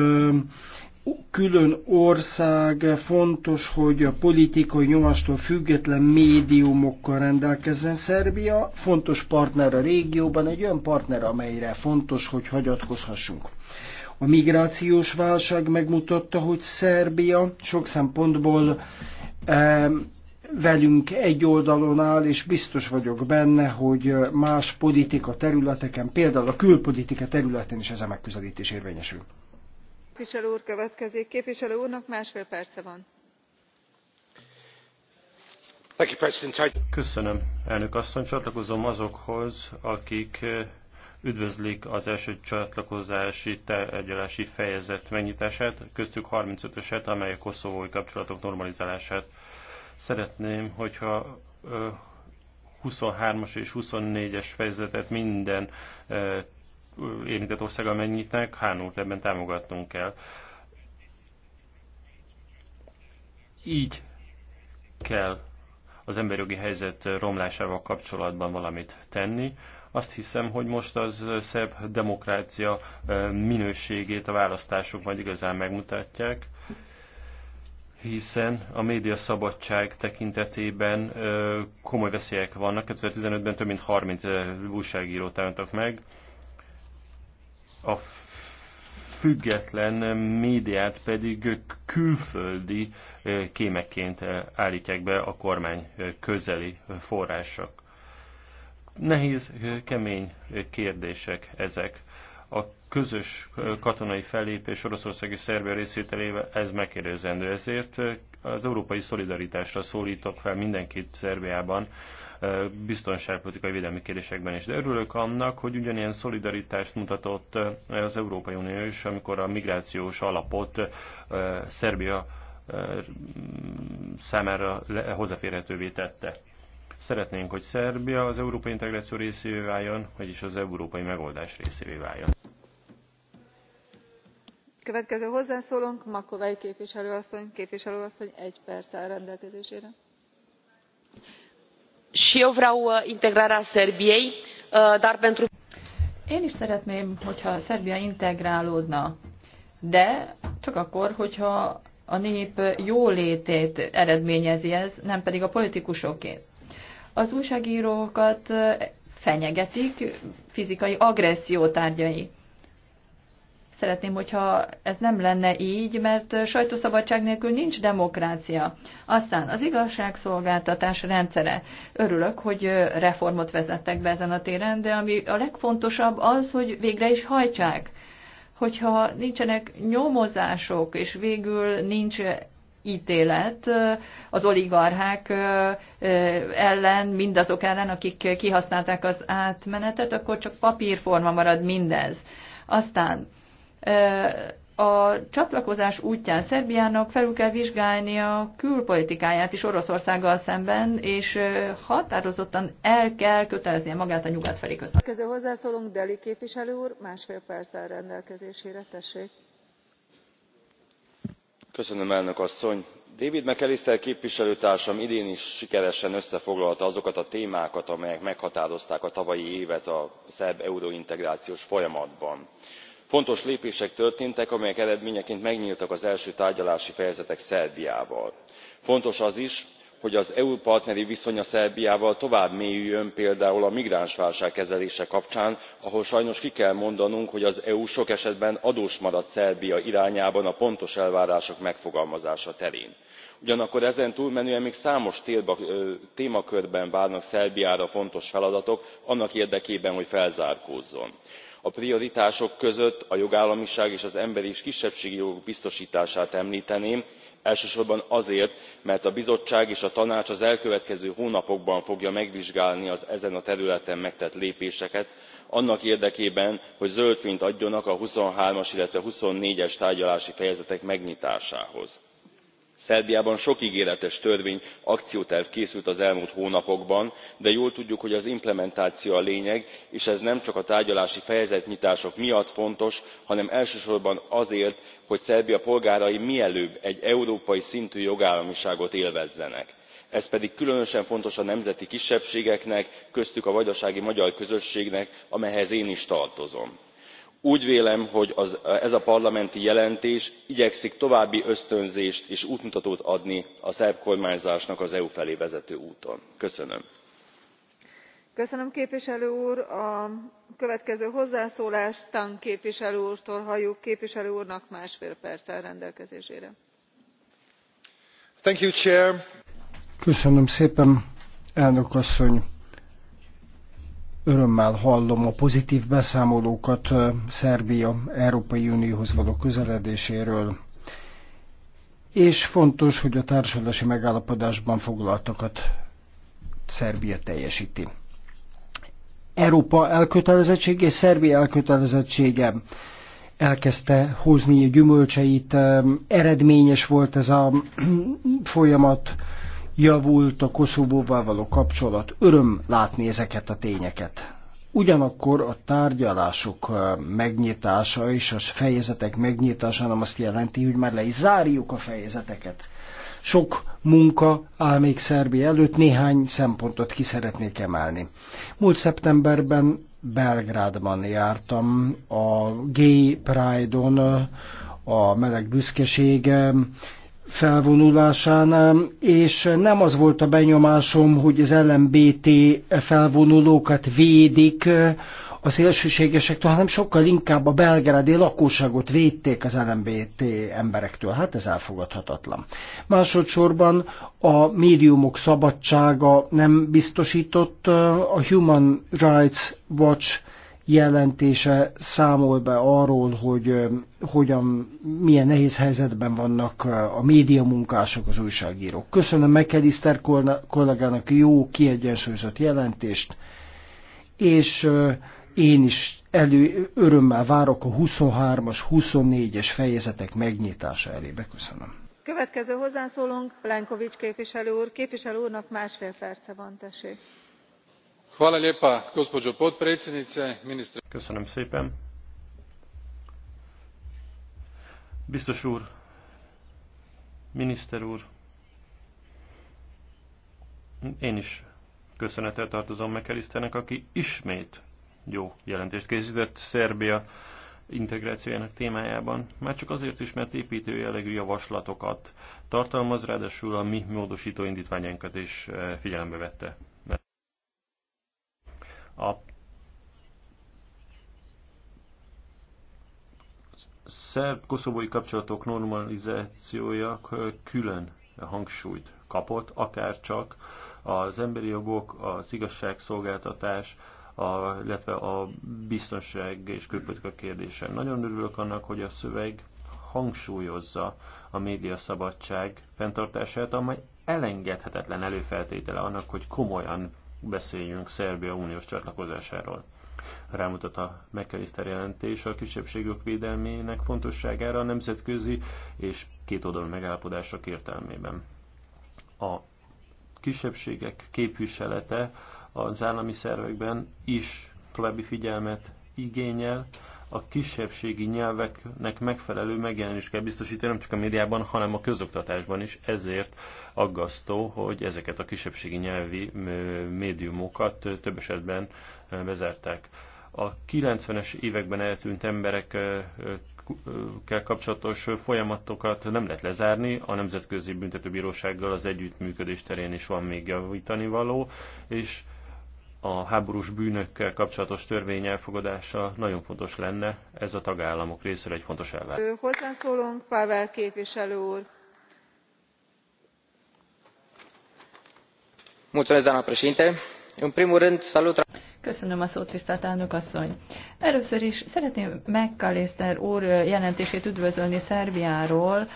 Speaker 6: külön ország fontos, hogy a politikai nyomástól független médiumokkal rendelkezzen Szerbia, fontos partner a régióban, egy olyan partner, amelyre fontos, hogy hagyatkozhassunk. A migrációs válság megmutatta, hogy Szerbia sok szempontból e, velünk egy oldalon áll, és biztos vagyok benne, hogy más politika területeken, például a külpolitika területen is ez a megközelítés érvényesül
Speaker 1: képviselő úr következik. képviselő úrnak másfél perce van.
Speaker 4: Köszönöm, elnök asszony. Csatlakozom azokhoz, akik eh, üdvözlik az első csatlakozási tárgyalási fejezet megnyitását, köztük 35-öset, amely a koszovói kapcsolatok normalizálását. Szeretném, hogyha 23-as eh, és 24-es fejezetet minden eh, érintett ország amennyinek, hánult ebben támogatnunk kell. Így kell az emberjogi helyzet romlásával kapcsolatban valamit tenni. Azt hiszem, hogy most az szebb demokrácia minőségét a választások majd igazán megmutatják, hiszen a média szabadság tekintetében komoly veszélyek vannak. 2015-ben több mint 30 újságírót álltak meg, a független médiát pedig külföldi eh, kémekként eh, állítják be a kormány eh, közeli források. Nehéz, kemény kérdések ezek. A közös katonai fellépés Oroszországi Szerbia részvételével ez megkérdezendő. Ezért az európai szolidaritásra szólítok fel mindenkit Szerbiában, biztonságpolitikai védelmi kérdésekben is. De örülök annak, hogy ugyanilyen szolidaritást mutatott az Európai Unió is, amikor a migrációs alapot Szerbia számára hozzáférhetővé tette. Szeretnénk, hogy Szerbia az európai integráció részévé váljon, vagyis az európai megoldás részévé váljon.
Speaker 1: Következő hozzászólónk Makovai képviselőasszony, képviselőasszony egy perc áll rendelkezésére
Speaker 3: și eu vreau uh, integrarea serbiei uh, dar pentru... Én is szeretném, hogyha Szerbia integrálódna, de csak akkor, hogyha a nép jólétét eredményezi ez, nem pedig a politikusokét. Az újságírókat fenyegetik fizikai agresszió tárgyai. Szeretném, hogyha ez nem lenne így, mert sajtószabadság nélkül nincs demokrácia. Aztán az igazságszolgáltatás rendszere. Örülök, hogy reformot vezettek be ezen a téren, de ami a legfontosabb az, hogy végre is hajtsák. Hogyha nincsenek nyomozások, és végül nincs ítélet az oligarchák ellen, mindazok ellen, akik kihasználták az átmenetet, akkor csak papírforma marad mindez. Aztán a csatlakozás útján Szerbiának felül kell vizsgálnia a külpolitikáját is Oroszországgal szemben, és határozottan el kell köteleznie magát a nyugat felé közben.
Speaker 1: Köző hozzászólunk Deli képviselő úr, másfél perccel rendelkezésére tessék.
Speaker 8: Köszönöm, elnök asszony. David McAllister képviselőtársam idén is sikeresen összefoglalta azokat a témákat, amelyek meghatározták a tavalyi évet a szerb euróintegrációs folyamatban fontos lépések történtek amelyek eredményeként megnyltak az első tárgyalási fejezetek szerbiával. fontos az is hogy az eu partneri viszonya szerbiával tovább mélyüljön például a migránsválság kezelése kapcsán ahol sajnos ki kell mondanunk hogy az eu sok esetben adós maradt szerbia irányában a pontos elvárások megfogalmazása terén. ugyanakkor ezen túlmenően még számos témakörben várnak szerbiára fontos feladatok annak érdekében hogy felzárkózzon a prioritások között a jogállamiság és az emberi és kisebbségi jogok biztostását emlteném elsősorban azért mert a bizottság és a tanács az elkövetkező hónapokban fogja megvizsgálni az ezen a területen megtett lépéseket annak érdekében hogy zöld fényt adjanak a twenty three as illetve twenty four es tárgyalási fejezetek megnyitásához szerbiában sok géretes törvény akcióterv készült az elmúlt hónapokban de jól tudjuk hogy az implementáció a lényeg és ez nem csak a tárgyalási fejezetnyitások miatt fontos hanem elsősorban azért hogy szerbia polgárai mielőbb egy európai szintű jogállamiságot élvezzenek. ez pedig különösen fontos a nemzeti kisebbségeknek köztük a vajdasági magyar közösségnek amelyhez én is tartozom úgy vélem hogy ez a parlamenti jelentés igyekszik további ösztönzést és útmutatót adni a szerb kormányzásnak az eu felé vezető úton. köszönöm.
Speaker 1: köszönöm a következő másfél rendelkezésére.
Speaker 2: Thank you, Chair.
Speaker 6: köszönöm szépen Örömmel hallom a pozitív beszámolókat Szerbia Európai Unióhoz való közeledéséről, és fontos, hogy a társadalmi megállapodásban foglaltakat Szerbia teljesíti. Európa elkötelezettsége és Szerbia elkötelezettsége elkezdte hozni a gyümölcseit, eredményes volt ez a folyamat, javult a Koszovóval való kapcsolat. Öröm látni ezeket a tényeket. Ugyanakkor a tárgyalások eh, megnyitása és a fejezetek megnyitása nem azt jelenti, hogy már le is zárjuk a fejezeteket. Sok munka áll még Szerbia előtt, néhány szempontot ki szeretnék emelni. Múlt szeptemberben Belgrádban jártam a Gay Pride-on, eh, a meleg büszkeségem, felvonulásán, és nem az volt a benyomásom, hogy az LMBT felvonulókat védik a szélsőségesektől, hanem sokkal inkább a belgrádi lakosságot védték az LMBT emberektől. Hát ez elfogadhatatlan. Másodszorban a médiumok szabadsága nem biztosított, a Human Rights Watch jelentése számol be arról, hogy hogyan, milyen nehéz helyzetben vannak a média munkások, az újságírók. Köszönöm McAllister kollégának jó kiegyensúlyozott jelentést, és én is elő, örömmel várok a 23-as, 24-es fejezetek megnyitása elébe. Köszönöm.
Speaker 1: Következő hozzászólónk Plenkovics képviselő úr. Képviselő úrnak másfél perce van, tessék
Speaker 9: gospođo potpredsjednice
Speaker 4: biztos úr miniszter úr én is köszönettel tartozom mcallisternek aki ismét jó jelentést készített szerbia integrációjának témájában, már csak azért is, mert építő jellegű javaslatokat tartalmaz, ráadásul a mi módosító indítványainkat is eh, figyelembe vette. A szerb-koszovói kapcsolatok normalizációja külön hangsúlyt kapott, akár csak az emberi jogok, az igazságszolgáltatás, a, illetve a biztonság és külpolitika kérdése. Nagyon örülök annak, hogy a szöveg hangsúlyozza a médiaszabadság fenntartását, amely elengedhetetlen előfeltétele annak, hogy komolyan beszéljünk Szerbia uniós csatlakozásáról. Rámutat a McAllister jelentés a kisebbségek védelmének fontosságára a nemzetközi és kétoldalú megállapodások értelmében. A kisebbségek képviselete az állami szervekben is további figyelmet igényel, a kisebbségi nyelveknek megfelelő megjelenést kell biztosítani, nem csak a médiában, hanem a közoktatásban is. Ezért aggasztó, hogy ezeket a kisebbségi nyelvi médiumokat több esetben e, bezárták. A 90-es években eltűnt emberek e, e, kell kapcsolatos folyamatokat nem lehet lezárni, a Nemzetközi Büntetőbírósággal az együttműködés terén is van még javítani való, és a háborús bűnökkel kapcsolatos törvény elfogadása nagyon fontos lenne, ez a tagállamok részéről egy fontos elvárás.
Speaker 1: Hozzászólunk Pavel képviselő úr.
Speaker 10: Mulțumesc, doamna președinte. În primul rând, salut
Speaker 3: Köszönöm a szót, tisztelt elnök asszony. Először is szeretném McAllister úr jelentését üdvözölni Szerbiáról,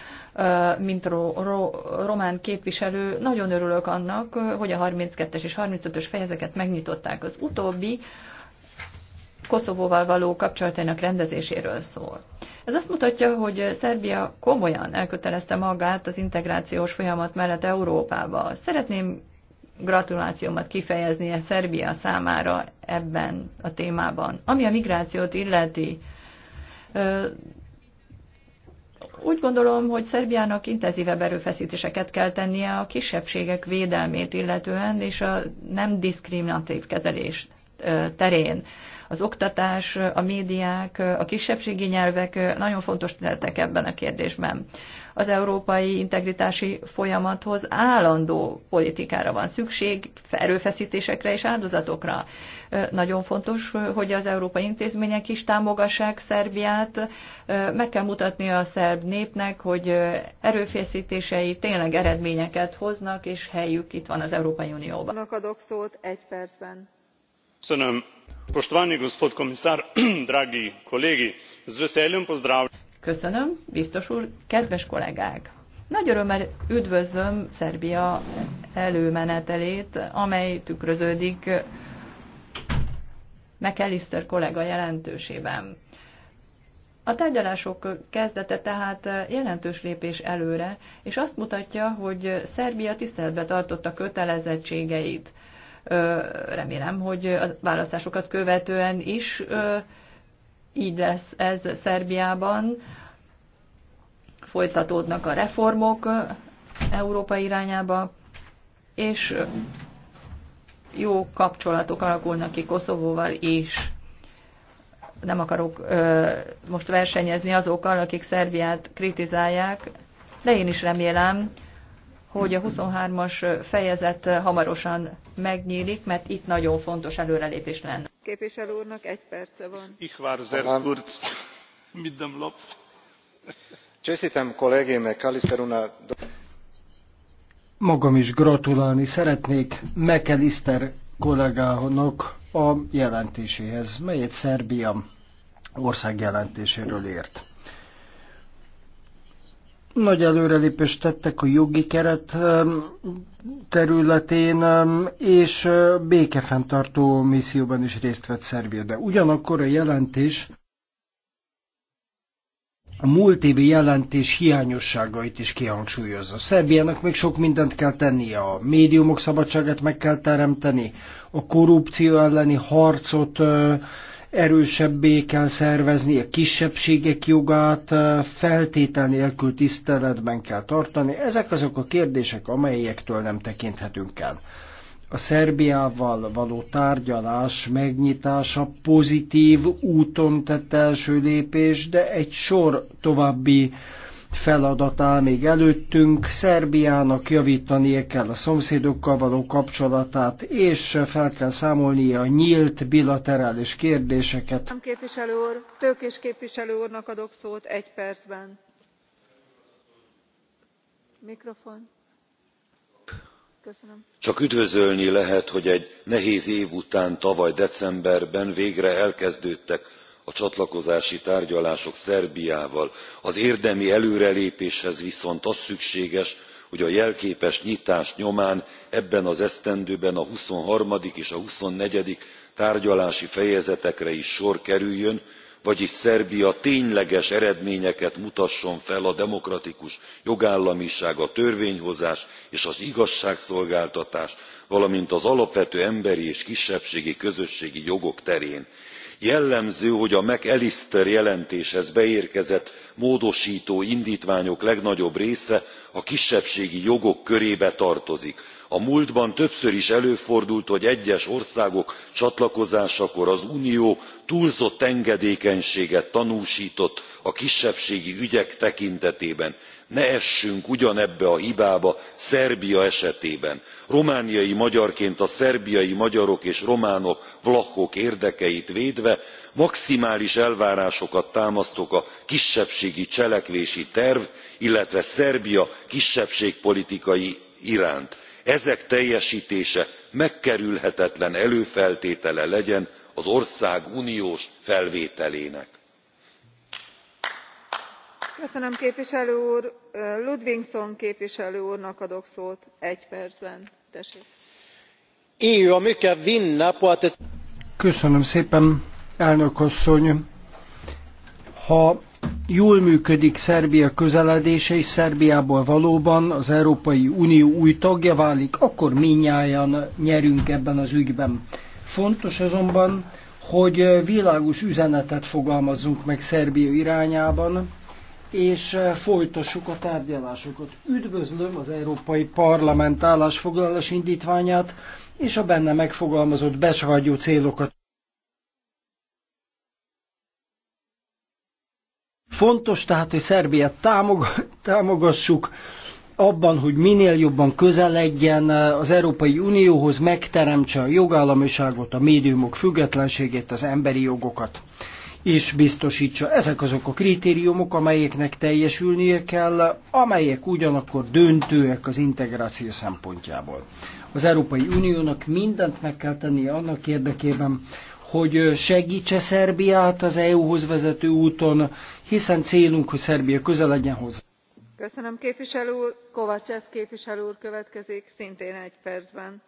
Speaker 3: mint ro- ro- román képviselő. Nagyon örülök annak, hogy a 32-es és 35-ös fejezeket megnyitották. Az utóbbi Koszovóval való kapcsolatainak rendezéséről szól. Ez azt mutatja, hogy Szerbia komolyan elkötelezte magát az integrációs folyamat mellett Európába. Szeretném gratulációmat kifejezni a Szerbia számára ebben a témában. Ami a migrációt illeti, úgy gondolom, hogy Szerbiának intenzívebb erőfeszítéseket kell tennie a kisebbségek védelmét illetően és a nem diszkriminatív kezelés terén. Az oktatás, a médiák, a kisebbségi nyelvek nagyon fontos területek ebben a kérdésben az európai integritási folyamathoz állandó politikára van szükség, erőfeszítésekre és áldozatokra. Nagyon fontos, hogy az európai intézmények is támogassák Szerbiát. Meg kell mutatni a szerb népnek, hogy erőfeszítései tényleg eredményeket hoznak, és helyük itt van az Európai Unióban.
Speaker 1: Önök adok szót egy percben.
Speaker 9: Köszönöm. Poštovani gospod komisar, [clears throat] dragi kolegi, z veseljem
Speaker 3: pozdravljam Köszönöm, biztos úr, kedves kollégák! Nagy örömmel üdvözlöm Szerbia előmenetelét, amely tükröződik McAllister kollega jelentősében. A tárgyalások kezdete tehát jelentős lépés előre, és azt mutatja, hogy Szerbia tiszteletbe tartotta kötelezettségeit. Remélem, hogy a választásokat követően is így lesz ez Szerbiában. Folytatódnak a reformok Európa irányába, és jó kapcsolatok alakulnak ki Koszovóval is. Nem akarok ö, most versenyezni azokkal, akik Szerbiát kritizálják, de én is remélem, hogy a 23-as fejezet hamarosan megnyílik, mert itt nagyon fontos előrelépés lenne.
Speaker 1: Képviselő úrnak egy perce van. Ich war sehr kurz. [laughs] Mit dem
Speaker 5: Lopf. Csestitem kollégéme Kaliszter
Speaker 6: Magam is gratulálni szeretnék Mekeliszter kollégának a jelentéséhez, melyet Szerbia jelentéséről ért nagy előrelépést tettek a jogi keret területén, és békefenntartó misszióban is részt vett Szerbia. De ugyanakkor a jelentés a múlt évi jelentés hiányosságait is kihangsúlyozza. Szerbiának még sok mindent kell tennie, a médiumok szabadságát meg kell teremteni, a korrupció elleni harcot erősebbé kell szervezni, a kisebbségek jogát feltétel nélkül tiszteletben kell tartani. Ezek azok a kérdések, amelyektől nem tekinthetünk el. A Szerbiával való tárgyalás megnyitása pozitív úton tett első lépés, de egy sor további uh, feladat áll még előttünk. Szerbiának javítania kell a szomszédokkal való kapcsolatát, és fel kell számolnia a nyílt bilaterális kérdéseket.
Speaker 1: Képviselő úr, Tőkés képviselő úrnak adok szót egy percben. Mikrofon.
Speaker 7: Köszönöm.
Speaker 2: csak üdvözölni lehet hogy egy nehéz év után tavaly decemberben végre elkezdődtek a csatlakozási tárgyalások szerbiával az érdemi előrelépéshez viszont az szükséges hogy a jelképes nyitás nyomán ebben az esztendőben a twenty three és a twenty four tárgyalási fejezetekre is sor kerüljön vagyis szerbia tényleges eredményeket mutasson fel a demokratikus jogállamiság a törvényhozás és az igazságszolgáltatás valamint az alapvető emberi és kisebbségi közösségi jogok terén jellemző hogy a mcallister jelentéshez beérkezett módostó indtványok legnagyobb része a kisebbségi jogok körébe tartozik. a múltban többször is előfordult hogy egyes országok csatlakozásakor az unió túlzott engedékenységet tanústott a kisebbségi ügyek tekintetében ne essünk ugyanebbe a hibába szerbia esetében. romániai magyarként a szerbiai magyarok és románok vlachok érdekeit védve maximális elvárásokat támasztok a kisebbségi cselekvési terv illetve szerbia kisebbségpolitikai iránt. ezek teljestése megkerülhetetlen előfeltétele legyen az ország uniós felvételének.
Speaker 1: Köszönöm képviselő úr ludvigsson képviselő úrnak adok szót egy percben tessék.
Speaker 6: köszönöm szépen elnök asszony! ha jól működik szerbia közeledése és szerbiából valóban az európai unió új tagja válik akkor mindnyájan nyerünk ebben az ügyben. fontos azonban hogy világos üzenetet fogalmazzunk meg szerbia irányában és eh, folytassuk a tárgyalásokat. Üdvözlöm az Európai Parlament állásfoglalás indítványát és a benne megfogalmazott becsvágyú célokat. Fontos tehát, hogy Szerbiát támogassuk abban, hogy minél jobban közeledjen eh, az Európai Unióhoz, megteremtse a jogállamiságot, a médiumok függetlenségét, az emberi jogokat is biztosítsa. Ezek azok a kritériumok, amelyeknek teljesülnie kell, amelyek ugyanakkor döntőek az integráció szempontjából. Az Európai Uniónak mindent meg kell tennie annak érdekében, hogy segítse Szerbiát az EU-hoz vezető úton, hiszen célunk, hogy Szerbia közel legyen hozzá.
Speaker 1: Köszönöm képviselő úr. Kovácsev képviselő úr következik, szintén egy percben.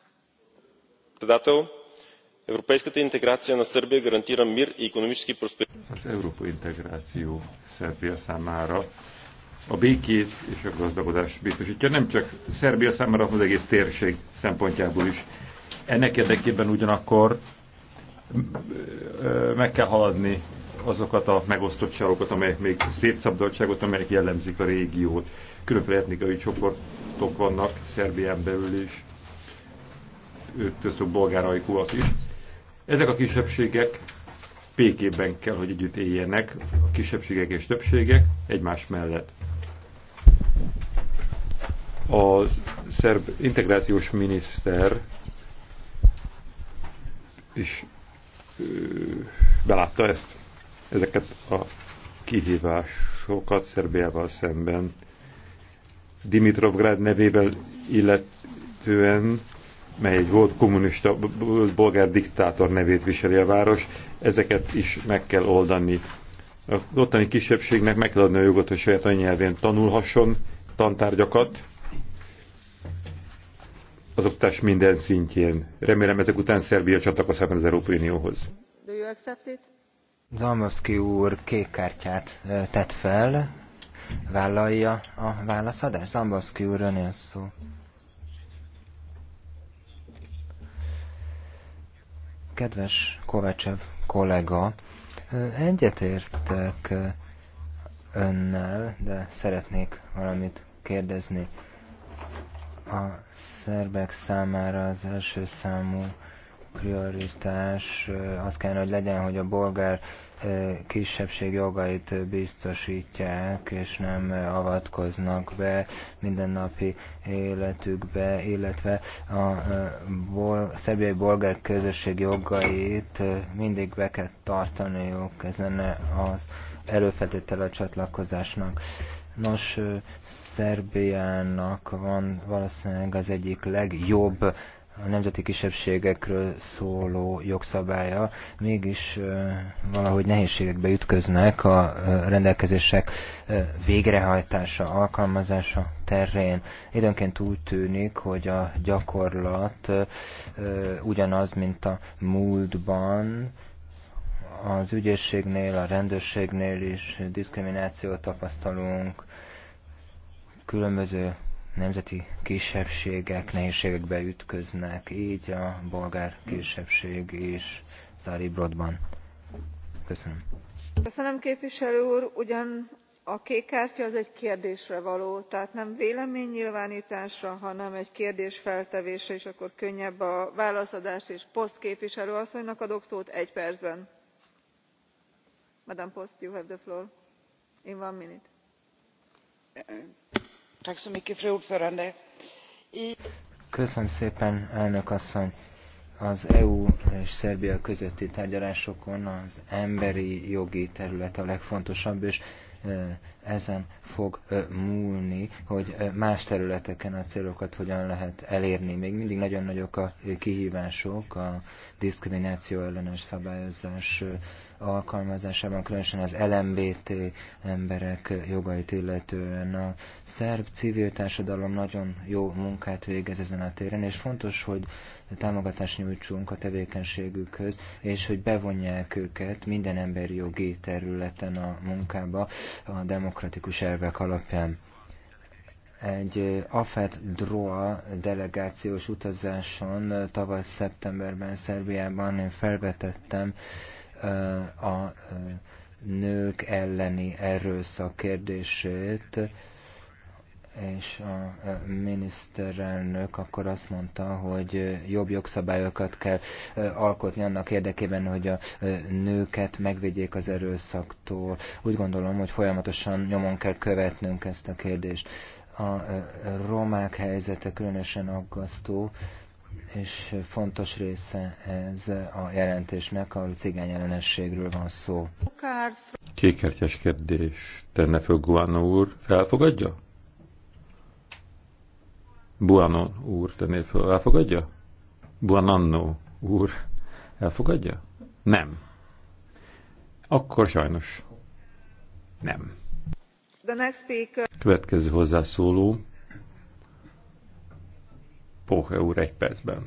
Speaker 6: Европейската
Speaker 4: интеграция на Сърбия гарантира мир и икономически просперитет.
Speaker 9: Ennek érdekében ugyanakkor meg kell haladni azokat a megosztottságokat, amelyek még szétszabdaltságot, amelyek jellemzik a régiót. Különböző etnikai csoportok vannak Szerbián belül is, őt köztük bolgárajkúak is. Ezek a kisebbségek békében kell, hogy együtt éljenek a kisebbségek és többségek egymás mellett. A szerb integrációs miniszter is belátta ezt, ezeket a kihívásokat Szerbiával szemben. Dimitrovgrád nevével illetően mely egy volt kommunista bolgár diktátor nevét viseli a város, ezeket is meg kell oldani. A ottani kisebbségnek meg kell adni a jogot, hogy saját anyanyelvén tanulhasson tantárgyakat, az oktatás minden szintjén. Remélem ezek után Szerbia csatlakozhat az Európai Unióhoz.
Speaker 10: Do you accept it? Zalmowski úr kék kártyát tett fel, vállalja a válaszadást? Zalmowski úr, ön szó. Kedves Kovácsev kollega, egyetértek önnel, de szeretnék valamit kérdezni. A szerbek számára az első számú prioritás az kellene, hogy legyen, hogy a bolgár kisebbség jogait biztosítják, és nem avatkoznak be mindennapi életükbe, illetve a bol szerbiai bolgár közösség jogait mindig be kell tartaniuk, ez lenne az előfeltétel a csatlakozásnak. Nos, Szerbiának van valószínűleg az egyik legjobb a nemzeti kisebbségekről szóló jogszabálya, mégis valahogy nehézségekbe ütköznek a rendelkezések végrehajtása, alkalmazása terén. Időnként úgy tűnik, hogy a gyakorlat ugyanaz, mint a múltban, az ügyészségnél, a rendőrségnél is diszkriminációt tapasztalunk, különböző nemzeti kisebbségek nehézségekbe ütköznek, így a bolgár kisebbség is Záribrodban. Köszönöm.
Speaker 1: Köszönöm képviselő úr, ugyan a kék kártya az egy kérdésre való, tehát nem véleménynyilvánításra, hanem egy kérdés feltevése, és akkor könnyebb a válaszadás, és poszt képviselő asszonynak adok szót egy percben. Madame Post, you have the floor. In one minute. Eh,
Speaker 6: eh,
Speaker 10: Köszönöm szépen, elnök asszony! Az EU és Szerbia közötti tárgyalásokon az emberi jogi terület a legfontosabb, és ezen fog múlni, hogy más területeken a célokat hogyan lehet elérni. Még mindig nagyon nagyok a kihívások a diszkrimináció ellenes szabályozás alkalmazásában, különösen az LMBT emberek jogait illetően. A szerb civil társadalom nagyon jó munkát végez ezen a téren, és fontos, hogy támogatást nyújtsunk a tevékenységükhöz, és hogy bevonják őket minden emberi jogi területen a munkába a demokratikus elvek alapján egy AFET DROA delegációs utazáson tavaly szeptemberben Szerbiában én felvetettem a nők elleni erőszak kérdését, és a miniszterelnök akkor azt mondta, hogy jobb jogszabályokat kell alkotni annak érdekében, hogy a nőket megvédjék az erőszaktól. Úgy gondolom, hogy folyamatosan nyomon kell követnünk ezt a kérdést. A romák helyzete különösen aggasztó, és fontos része ez a jelentésnek, ahol cigány ellenességről van szó.
Speaker 9: Kékertyes kérdés. Tenne föl Guano úr. Felfogadja? Buano úr tenné föl. Elfogadja? Buananno úr. Elfogadja? Nem. Akkor sajnos nem.
Speaker 1: The next speaker.
Speaker 9: Következő hozzászóló Póhe úr egy percben.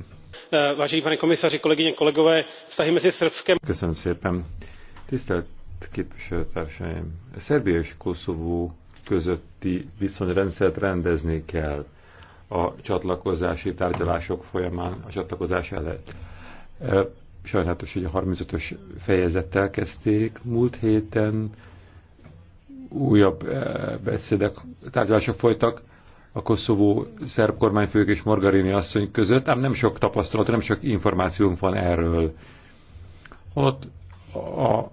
Speaker 4: Vážený pane komisaři,
Speaker 1: kolegyně, kolegové, vztahy
Speaker 4: mezi Srbskem...
Speaker 9: Köszönöm szépen. Tisztelt képviselőtársaim, Szerbia és Koszovó közötti viszonyrendszert rendezni kell a csatlakozási tárgyalások folyamán a csatlakozás előtt. Sajnálatos, hogy a 35-ös fejezettel kezdték múlt héten, újabb beszédek, tárgyalások folytak a Koszovó szerb kormányfők és Margarini asszony között, ám nem sok tapasztalat, nem sok információnk van erről. Ott a,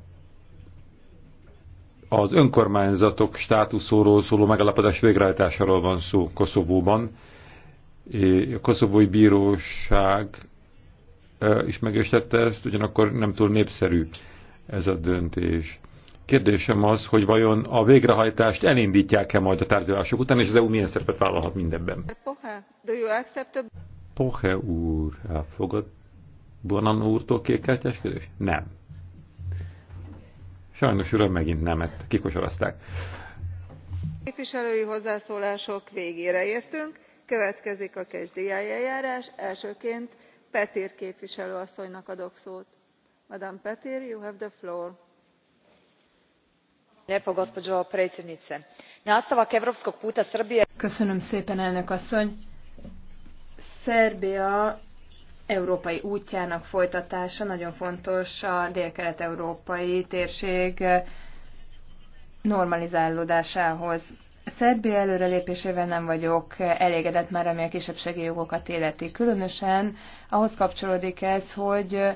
Speaker 9: az önkormányzatok státuszóról szóló megállapodás végrehajtásáról van szó Koszovóban. A koszovói bíróság is megestette ezt, ugyanakkor nem túl népszerű ez a döntés. Kérdésem az, hogy vajon a végrehajtást elindítják-e majd a tárgyalások után, és az EU milyen szerepet vállalhat mindebben? Poche úr, elfogad Bonan úrtól kékkártyás kérdés? Nem. Sajnos uram megint nemet, kikosorozták.
Speaker 1: Képviselői hozzászólások végére értünk. Következik a kezdiáj eljárás. Elsőként Petir képviselő asszonynak adok szót. Madame Petir, you have the floor gospođo
Speaker 11: predsjednice nastavak europskog puta srbije. köszönöm szépen szerbia európai útjának folytatása nagyon fontos a dél kelet európai térség normalizálódásához. Szerbia előrelépésével nem vagyok elégedett már, ami a kisebbségi jogokat életi. Különösen ahhoz kapcsolódik ez, hogy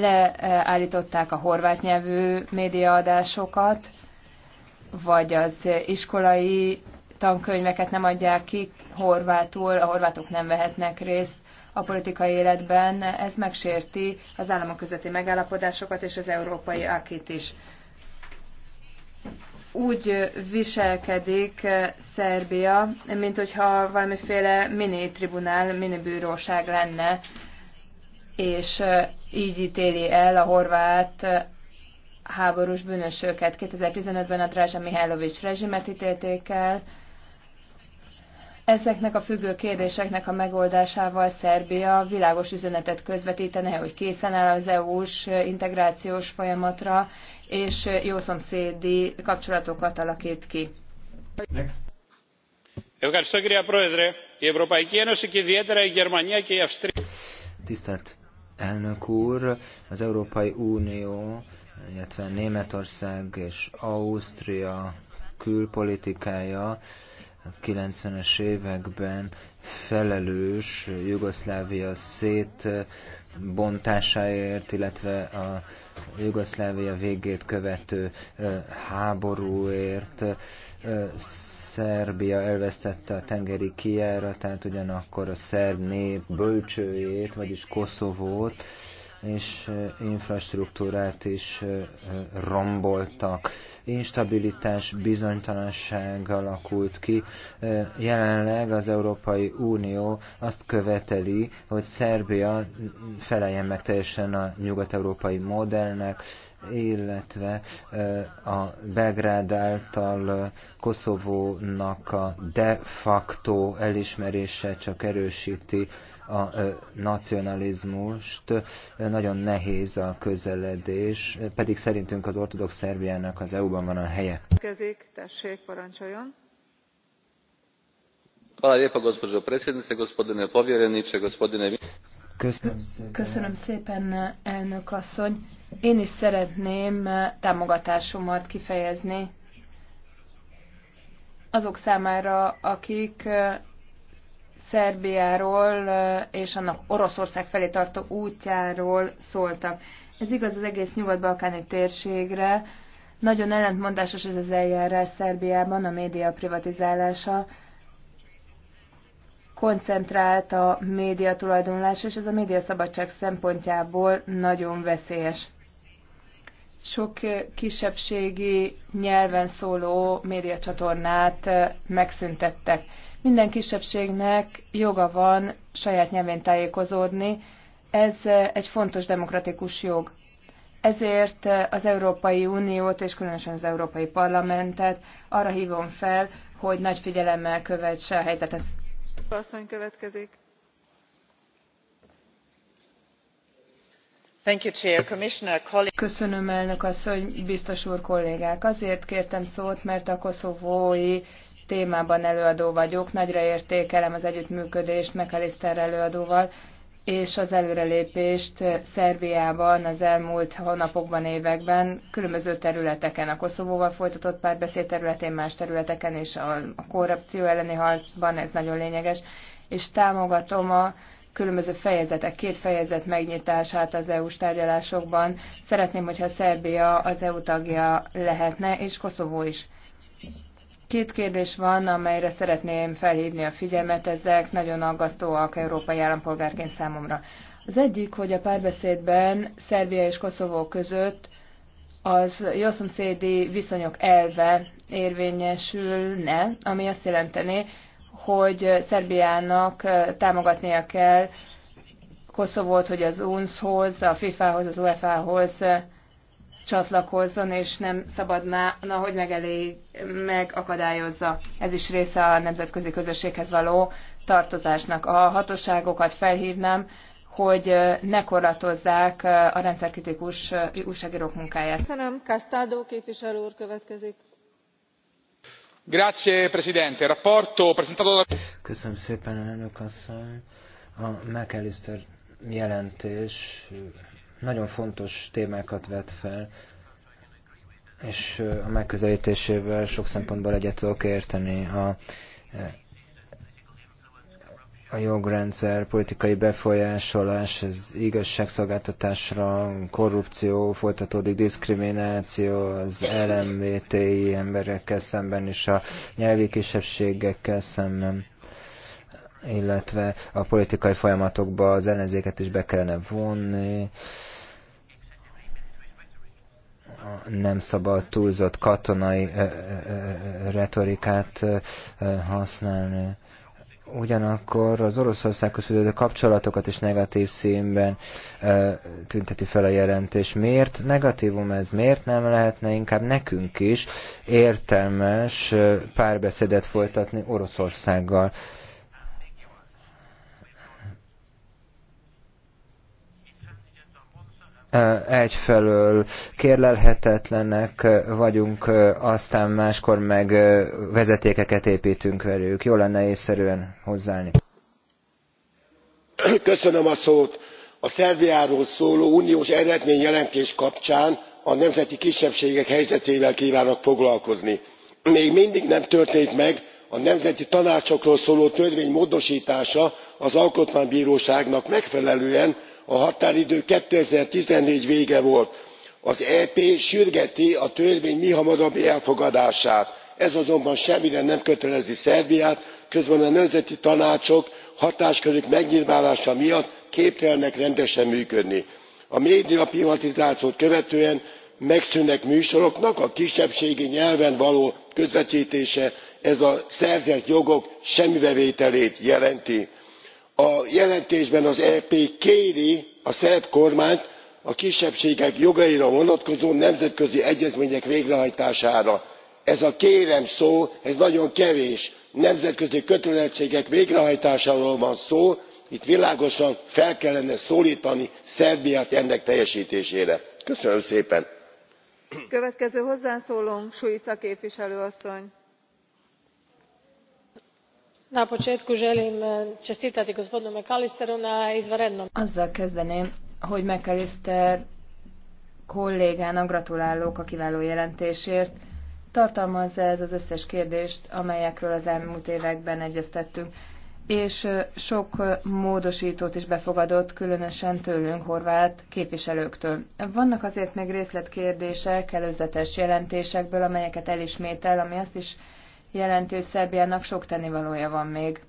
Speaker 11: leállították a horvát nyelvű médiaadásokat, vagy az iskolai tankönyveket nem adják ki horvátul, a horvátok nem vehetnek részt a politikai életben, ez megsérti az államok közötti megállapodásokat és az európai akit is. Úgy viselkedik Szerbia, mint hogyha valamiféle mini tribunál, mini bíróság lenne és így ítéli el a horvát háborús bűnösöket. 2015-ben a Drázsa Mihálovics rezsimet ítélték el. Ezeknek a függő kérdéseknek a megoldásával Szerbia világos üzenetet közvetítene, hogy készen áll az EU-s integrációs folyamatra, és jó szomszédi kapcsolatokat alakít ki. Next.
Speaker 10: Tisztelt elnök úr. Az Európai Unió, illetve Németország és Ausztria külpolitikája 90-es években felelős Jugoszlávia szétbontásáért, illetve a Jugoszlávia végét követő háborúért Szerbia elvesztette a tengeri kijáratát, ugyanakkor a szerb nép bölcsőjét, vagyis Koszovót és infrastruktúrát is romboltak. Instabilitás, bizonytalanság alakult ki. Jelenleg az Európai Unió azt követeli, hogy Szerbia feleljen meg teljesen a nyugat-európai modellnek, illetve a Belgrád által Koszovónak a de facto elismerése csak erősíti a nacionalizmust, nagyon nehéz a közeledés, pedig szerintünk az ortodox Szerbiának az EU-ban van a helye.
Speaker 1: Kezik, tessék, parancsoljon.
Speaker 10: Köszönöm szépen.
Speaker 11: Köszönöm szépen, elnök asszony. Én is szeretném támogatásomat kifejezni azok számára, akik Szerbiáról és annak Oroszország felé tartó útjáról szóltak. Ez igaz az egész nyugat-balkáni térségre. Nagyon ellentmondásos ez az eljárás Szerbiában, a média privatizálása koncentrált a média tulajdonlás, és ez a média szabadság szempontjából nagyon veszélyes sok eh, kisebbségi nyelven szóló médiacsatornát eh, megszüntettek. Minden kisebbségnek joga van saját nyelvén tájékozódni, ez eh, egy fontos demokratikus jog. Ezért az Európai Uniót és különösen az Európai Parlamentet arra hívom fel, hogy nagy figyelemmel követse a helyzetet.
Speaker 1: Asszony következik.
Speaker 11: Köszönöm, elnök asszony, biztos úr kollégák. Azért kértem szót, mert a koszovói témában előadó vagyok. Nagyra értékelem az együttműködést McAllister előadóval, és az előrelépést Szerbiában az elmúlt hónapokban, években különböző területeken, a Koszovóval folytatott párbeszéd területén, más területeken és a korrupció elleni harcban, ez nagyon lényeges, és támogatom a különböző fejezetek, két fejezet megnyitását az EU-s tárgyalásokban. Szeretném, hogyha Szerbia az EU tagja lehetne, és Koszovó is. Két kérdés van, amelyre szeretném felhívni a figyelmet, ezek nagyon aggasztóak európai állampolgárként számomra. Az egyik, hogy a párbeszédben Szerbia és Koszovó között az jószomszédi viszonyok elve érvényesülne, ami azt jelenteni, hogy Szerbiának támogatnia kell Koszovót, hogy az UNSZ-hoz, a FIFA-hoz, az UEFA-hoz csatlakozzon, és nem szabadna, na, hogy megelég, megakadályozza. Ez is része a nemzetközi közösséghez való tartozásnak. A hatóságokat felhívnám, hogy ne korlátozzák a
Speaker 1: rendszerkritikus
Speaker 11: újságírók munkáját.
Speaker 1: Köszönöm, Kasztádó képviselő úr következik.
Speaker 5: Köszönöm szépen, elnök
Speaker 10: asszony. A McAllister jelentés nagyon fontos témákat vet fel, és a megközeltésével sok szempontból egyet tudok érteni. A a jogrendszer, politikai befolyásolás, az igazságszolgáltatásra, korrupció, folytatódik diszkrimináció, az LMBTI emberekkel szemben és a nyelvi kisebbségekkel szemben illetve a politikai folyamatokba az ellenzéket is be kellene vonni, nem szabad túlzott katonai retorikát használni ugyanakkor az Oroszországhoz fűződő kapcsolatokat is negatív színben e, tünteti fel a jelentés. Miért negatívum ez? Miért nem lehetne inkább nekünk is értelmes párbeszédet folytatni Oroszországgal? egyfelől kérlelhetetlenek vagyunk, aztán máskor meg vezetékeket építünk velük. Jó lenne észszerűen hozzáállni.
Speaker 7: Köszönöm a szót. A Szerbiáról szóló uniós eredményjelentés kapcsán a nemzeti kisebbségek helyzetével kívánok foglalkozni. Még mindig nem történt meg a nemzeti tanácsokról szóló törvény módosítása az alkotmánybíróságnak megfelelően a határidő two thousand and fourteen vége volt. az ep sürgeti a törvény mihamarabbi elfogadását. ez azonban semmire nem kötelezi szerbiát közben a nemzeti tanácsok hatáskörük megnyilvánulása miatt képtelenek rendesen működni. a médiaprivatizációt követően megszűnnek műsoroknak a kisebbségi nyelven való közvettése ez a szerzett jogok semmibevételét jelenti a jelentésben az ep kéri a szerb kormányt a kisebbségek jogaira vonatkozó nemzetközi egyezmények végrehajtására. ez a kérem szó ez nagyon kevés. nemzetközi kötelezettségek végrehajtásáról van szó itt világosan fel kellene szóltani szerbiát ennek teljestésére. köszönöm szépen!
Speaker 11: na početku želim eh, čestitati gospodinu mcallisteru na izvanrednom. azzal kezdeném hogy mcallister kollégának gratulálok a kiváló jelentésért. Tartalmazza ez az összes kérdést, amelyekről az elmúlt években egyeztettünk, és eh, sok eh, módosítót is befogadott, különösen tőlünk, horvát képviselőktől. Vannak azért még részletkérdések, előzetes jelentésekből, amelyeket elismétel, ami azt is jelentős Szerbiának sok tennivalója van még.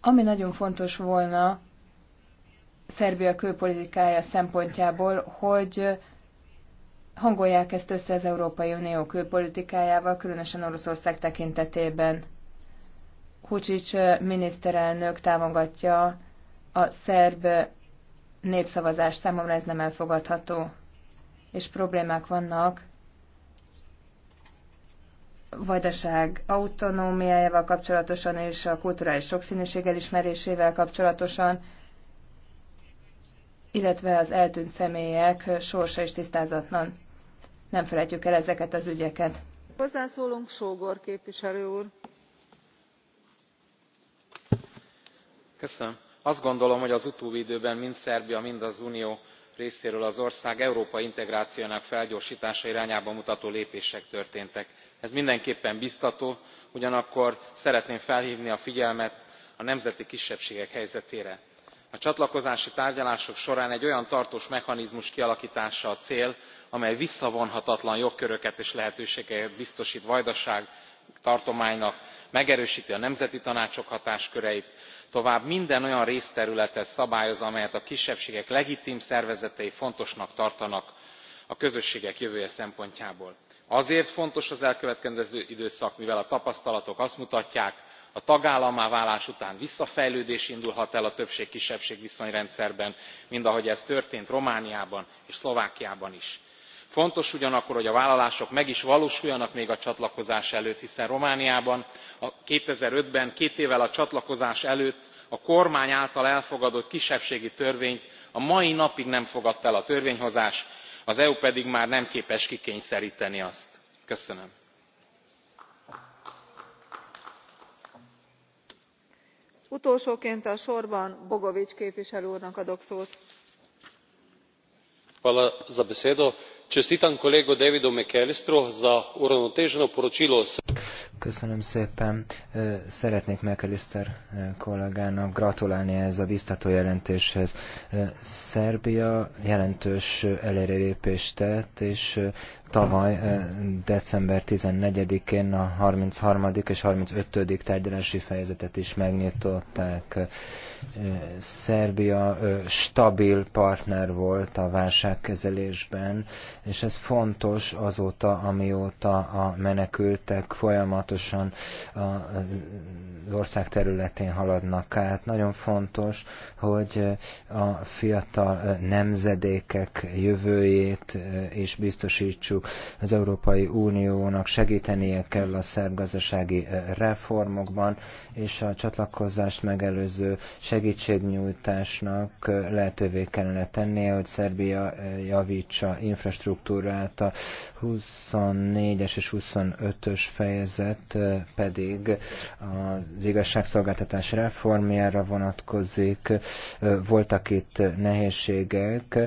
Speaker 11: Ami nagyon fontos volna Szerbia külpolitikája szempontjából, hogy hangolják ezt össze az Európai Unió külpolitikájával, különösen Oroszország tekintetében. Kucsics eh, miniszterelnök támogatja a szerb népszavazást, számomra ez nem elfogadható, és problémák vannak vajdaság autonómiájával kapcsolatosan és a kulturális sokszínűség elismerésével kapcsolatosan, illetve az eltűnt személyek sorsa is tisztázatlan. Nem felejtjük el ezeket az ügyeket.
Speaker 1: Hozzászólunk Sógor képviselő úr.
Speaker 5: Köszönöm. Azt gondolom, hogy az utóbbi időben mind Szerbia, mind az Unió részéről az ország európai integrációjának felgyorsítása irányába mutató lépések történtek ez mindenképpen biztató ugyanakkor szeretném felhvni a figyelmet a nemzeti kisebbségek helyzetére. a csatlakozási tárgyalások során egy olyan tartós mechanizmus kialaktása a cél amely visszavonhatatlan jogköröket és lehetőségeket biztost vajdaság tartománynak megerősti a nemzeti tanácsok hatásköreit tovább minden olyan részterületet szabályoz amelyet a kisebbségek legitim szervezetei fontosnak tartanak a közösségek jövője szempontjából azért fontos az elkövetkezendő időszak mivel a tapasztalatok azt mutatják a tagállammá válás után visszafejlődés indulhat el a többség kisebbség viszonyrendszerben mint ahogy ez történt romániában és szlovákiában is. fontos ugyanakkor hogy a vállalások meg is valósuljanak még a csatlakozás előtt hiszen romániában two thousand and five ben két évvel a csatlakozás előtt a kormány által elfogadott kisebbségi törvényt a mai napig nem fogadta el a törvényhozás az eu pedig már nem képes kikényszerteni azt. köszönöm.
Speaker 1: utolsóként a sorban bogovic képviselő úrnak adok szót.
Speaker 9: čestitam kolegu davidu mcallistru za uravnoteženo
Speaker 10: poročilo o srbiji. Köszönöm szépen. Szeretnék Mekeliszter kollégának gratulálni ez a biztató jelentéshez. Szerbia jelentős előrelépést tett, és tavaly december 14-én a 33. és 35. tárgyalási fejezetet is megnyitották. Szerbia stabil partner volt a válságkezelésben, és ez fontos azóta, amióta a menekültek folyamat folyamatosan az ország területén haladnak át. Nagyon fontos, hogy a fiatal nemzedékek jövőjét e, is biztosítsuk. Az Európai Uniónak segítenie kell a szergazdasági e, reformokban, és a csatlakozást megelőző segítségnyújtásnak e, lehetővé kellene tennie, hogy Szerbia javítsa infrastruktúrát. A 24-es és 25-ös fejezet mellett pedig az igazságszolgáltatás reformjára vonatkozik. Voltak itt nehézségek,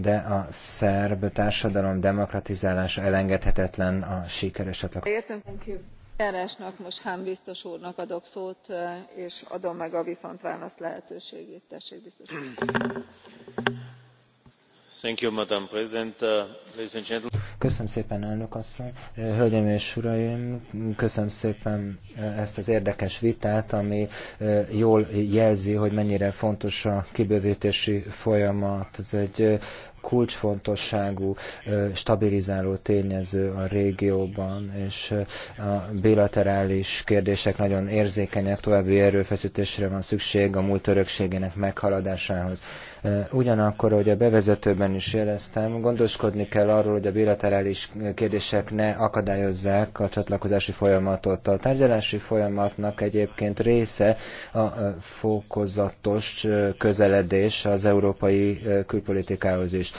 Speaker 10: de a szerb társadalom demokratizálása elengedhetetlen a sikeres csatlakozás.
Speaker 1: Értünk, most hahn biztos úrnak adok szót és adom meg a viszontválasz lehetőségét. tessék biztos úr!
Speaker 4: Uh,
Speaker 10: köszönöm szépen, elnök asszony. Uh, hölgyeim és uraim, köszönöm szépen uh, ezt az érdekes vitát, ami jól jelzi, hogy mennyire fontos a kibővítési folyamat. Ez egy kulcsfontosságú stabilizáló tényező a régióban, és a bilaterális kérdések nagyon érzékenyek, további erőfeszítésre van szükség a múlt örökségének meghaladásához. Ugyanakkor, ahogy a bevezetőben is jeleztem, gondoskodni kell arról, hogy a bilaterális kérdések ne akadályozzák a csatlakozási folyamatot. A tárgyalási folyamatnak egyébként része a fokozatos közeledés az európai külpolitikához is.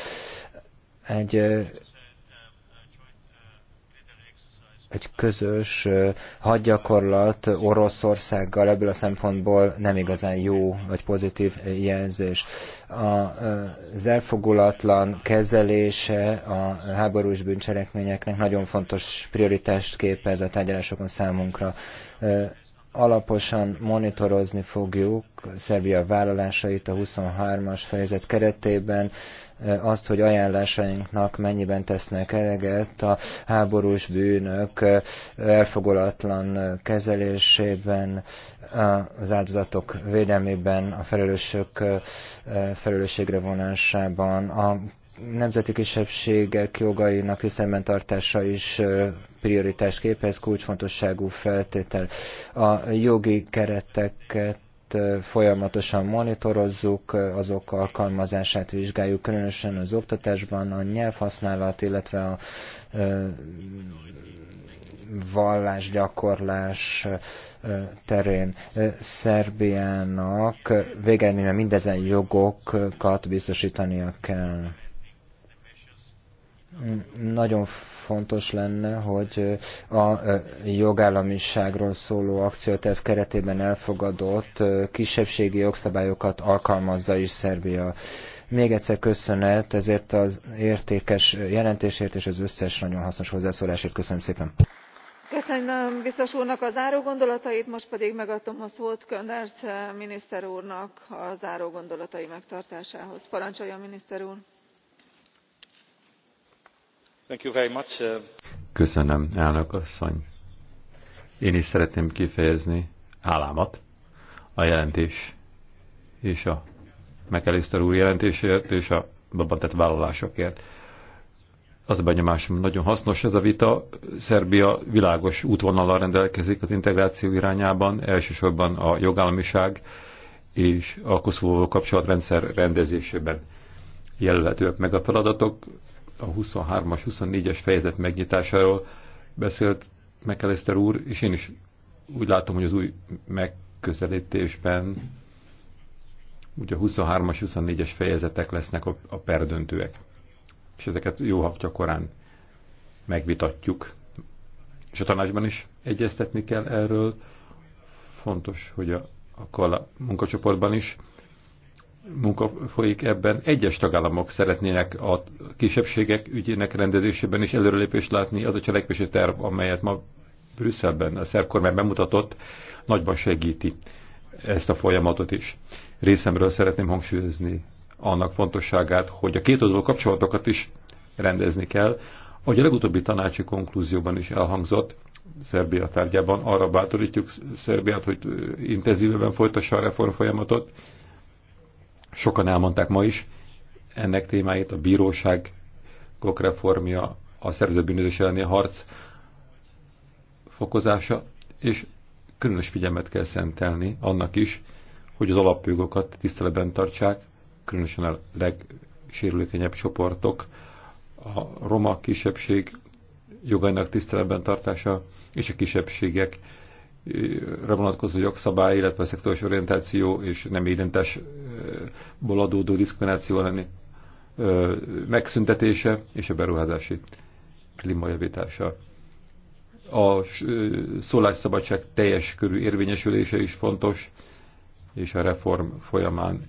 Speaker 10: Egy egy közös hadgyakorlat Oroszországgal ebből a szempontból nem igazán jó vagy pozitív jelzés. Az elfogulatlan kezelése a háborús bűncselekményeknek nagyon fontos prioritást képez a tárgyalásokon számunkra alaposan monitorozni fogjuk Szerbia vállalásait a 23-as fejezet keretében, Eh, azt, hogy ajánlásainknak mennyiben tesznek eleget a háborús bűnök eh, elfogolatlan kezelésében, eh, az áldozatok védelmében, a felelősök felelősségre vonásában, a nemzeti kisebbségek jogainak tiszteletben tartása is prioritás képez, kulcsfontosságú feltétel. A jogi kereteket folyamatosan monitorozzuk, azok alkalmazását vizsgáljuk, különösen az oktatásban a nyelvhasználat, illetve a vallásgyakorlás terén Szerbiának mert mindezen jogokat biztosítania kell. Nagyon fontos lenne, hogy a jogállamiságról szóló akcióterv keretében elfogadott kisebbségi jogszabályokat alkalmazza is Szerbia. Még egyszer köszönet ezért az értékes jelentésért és az összes nagyon hasznos hozzászólásért. Köszönöm szépen!
Speaker 1: köszönöm biztos úrnak a záró gondolatait most pedig megadom a szót könderc miniszter úrnak a záró gondolatai megtartásához. Parancsolja miniszter úr!
Speaker 2: Uh,
Speaker 9: Köszönöm, elnök asszony. Én is szeretném kifejezni hálámat a jelentés és a McAllister úr jelentésért és a babatett vállalásokért. Az a benyomásom, nagyon hasznos ez a vita. Szerbia világos útvonallal rendelkezik az integráció irányában, elsősorban a jogállamiság és a koszovó kapcsolatrendszer rendezésében jelölhetőek meg a feladatok a 23-as, 24-es fejezet megnyitásáról beszélt McAllister úr, és én is úgy látom, hogy az új megközelítésben ugye 23-as, 24-es fejezetek lesznek a, a perdöntőek. És ezeket jó haptya korán megvitatjuk. És a tanácsban is egyeztetni kell erről. Fontos, hogy a, a munkacsoportban is munka folyik ebben. Egyes tagállamok szeretnének a kisebbségek ügyének rendezésében is előrelépést látni. Az a cselekvési terv, amelyet ma Brüsszelben a szerb kormány bemutatott, nagyban segíti ezt a folyamatot is. Részemről szeretném hangsúlyozni annak fontosságát, hogy a két kapcsolatokat is rendezni kell. Ahogy a legutóbbi tanácsi konklúzióban is elhangzott, Szerbia tárgyában arra bátorítjuk Szerbiát, hogy intenzívebben folytassa a reformfolyamatot, folyamatot, Sokan elmondták ma is ennek témáit, a bíróságok reformja, a szerzőbűnözés elleni harc fokozása, és különös figyelmet kell szentelni annak is, hogy az alapjogokat tiszteletben tartsák, különösen a legsérülékenyebb csoportok, a roma kisebbség jogainak tiszteletben tartása és a kisebbségek vonatkozó jogszabály, illetve a szektoros orientáció és nem identitásból adódó diszkrimináció lenni megszüntetése és a beruházási klímajavítása. A szólásszabadság teljes körű érvényesülése is fontos, és a reform folyamán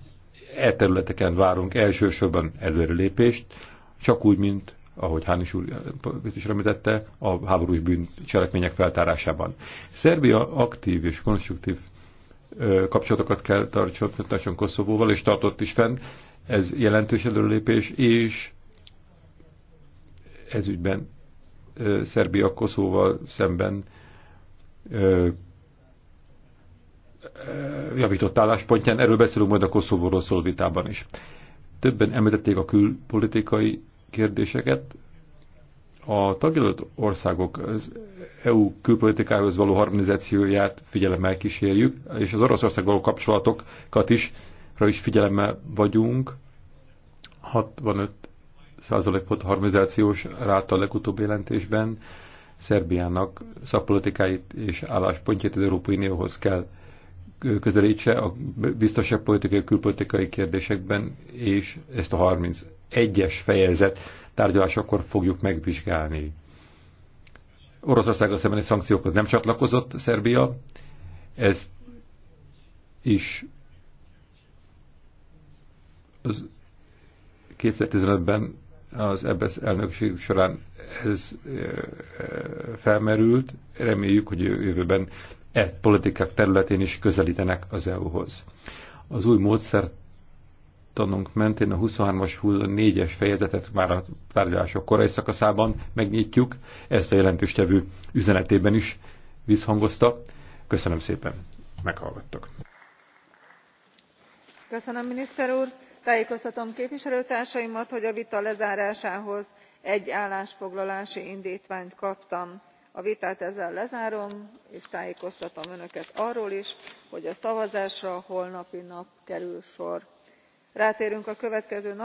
Speaker 9: e területeken várunk elsősorban előrelépést, csak úgy, mint ahogy Hánis úr ezt eh, is remítette, a háborús bűncselekmények feltárásában. Szerbia aktív és konstruktív kapcsolatokat kell tartson, Koszovóval, és tartott is fenn. Ez jelentős előlépés, és ez ügyben Szerbia Koszovóval szemben javított álláspontján, erről beszélünk majd a Koszovóról szóló vitában is. Többen említették a külpolitikai kérdéseket. A tagjelölt országok az EU külpolitikához való harmonizációját figyelemmel kísérjük, és az Oroszország való kapcsolatokat is, rá is figyelemmel vagyunk. 65 százalék volt a harmonizációs ráta a legutóbbi jelentésben. Szerbiának szakpolitikáit és álláspontját az Európai Unióhoz kell közelítse a biztosabb politikai, külpolitikai kérdésekben, és ezt a 31-es fejezet tárgyalásakor fogjuk megvizsgálni. Oroszországgal egy szankciókhoz nem csatlakozott Szerbia, ez is az 2015-ben az EBSZ e elnökség során ez felmerült. Reméljük, hogy jövőben e politikák területén is közelítenek az EU-hoz. Az új módszertanunk mentén a 23-as 24-es fejezetet már a tárgyalások korai szakaszában megnyitjuk, ezt a jelentős tevű üzenetében is visszhangozta. Köszönöm szépen, meghallgattak.
Speaker 1: Köszönöm, miniszter úr! tájékoztatom képviselőtársaimat hogy a vita lezárásához egy állásfoglalási indítványt kaptam a vitát ezzel lezárom és tájékoztatom önöket arról is hogy a szavazásra holnapi nap kerül sor. rátérünk a következő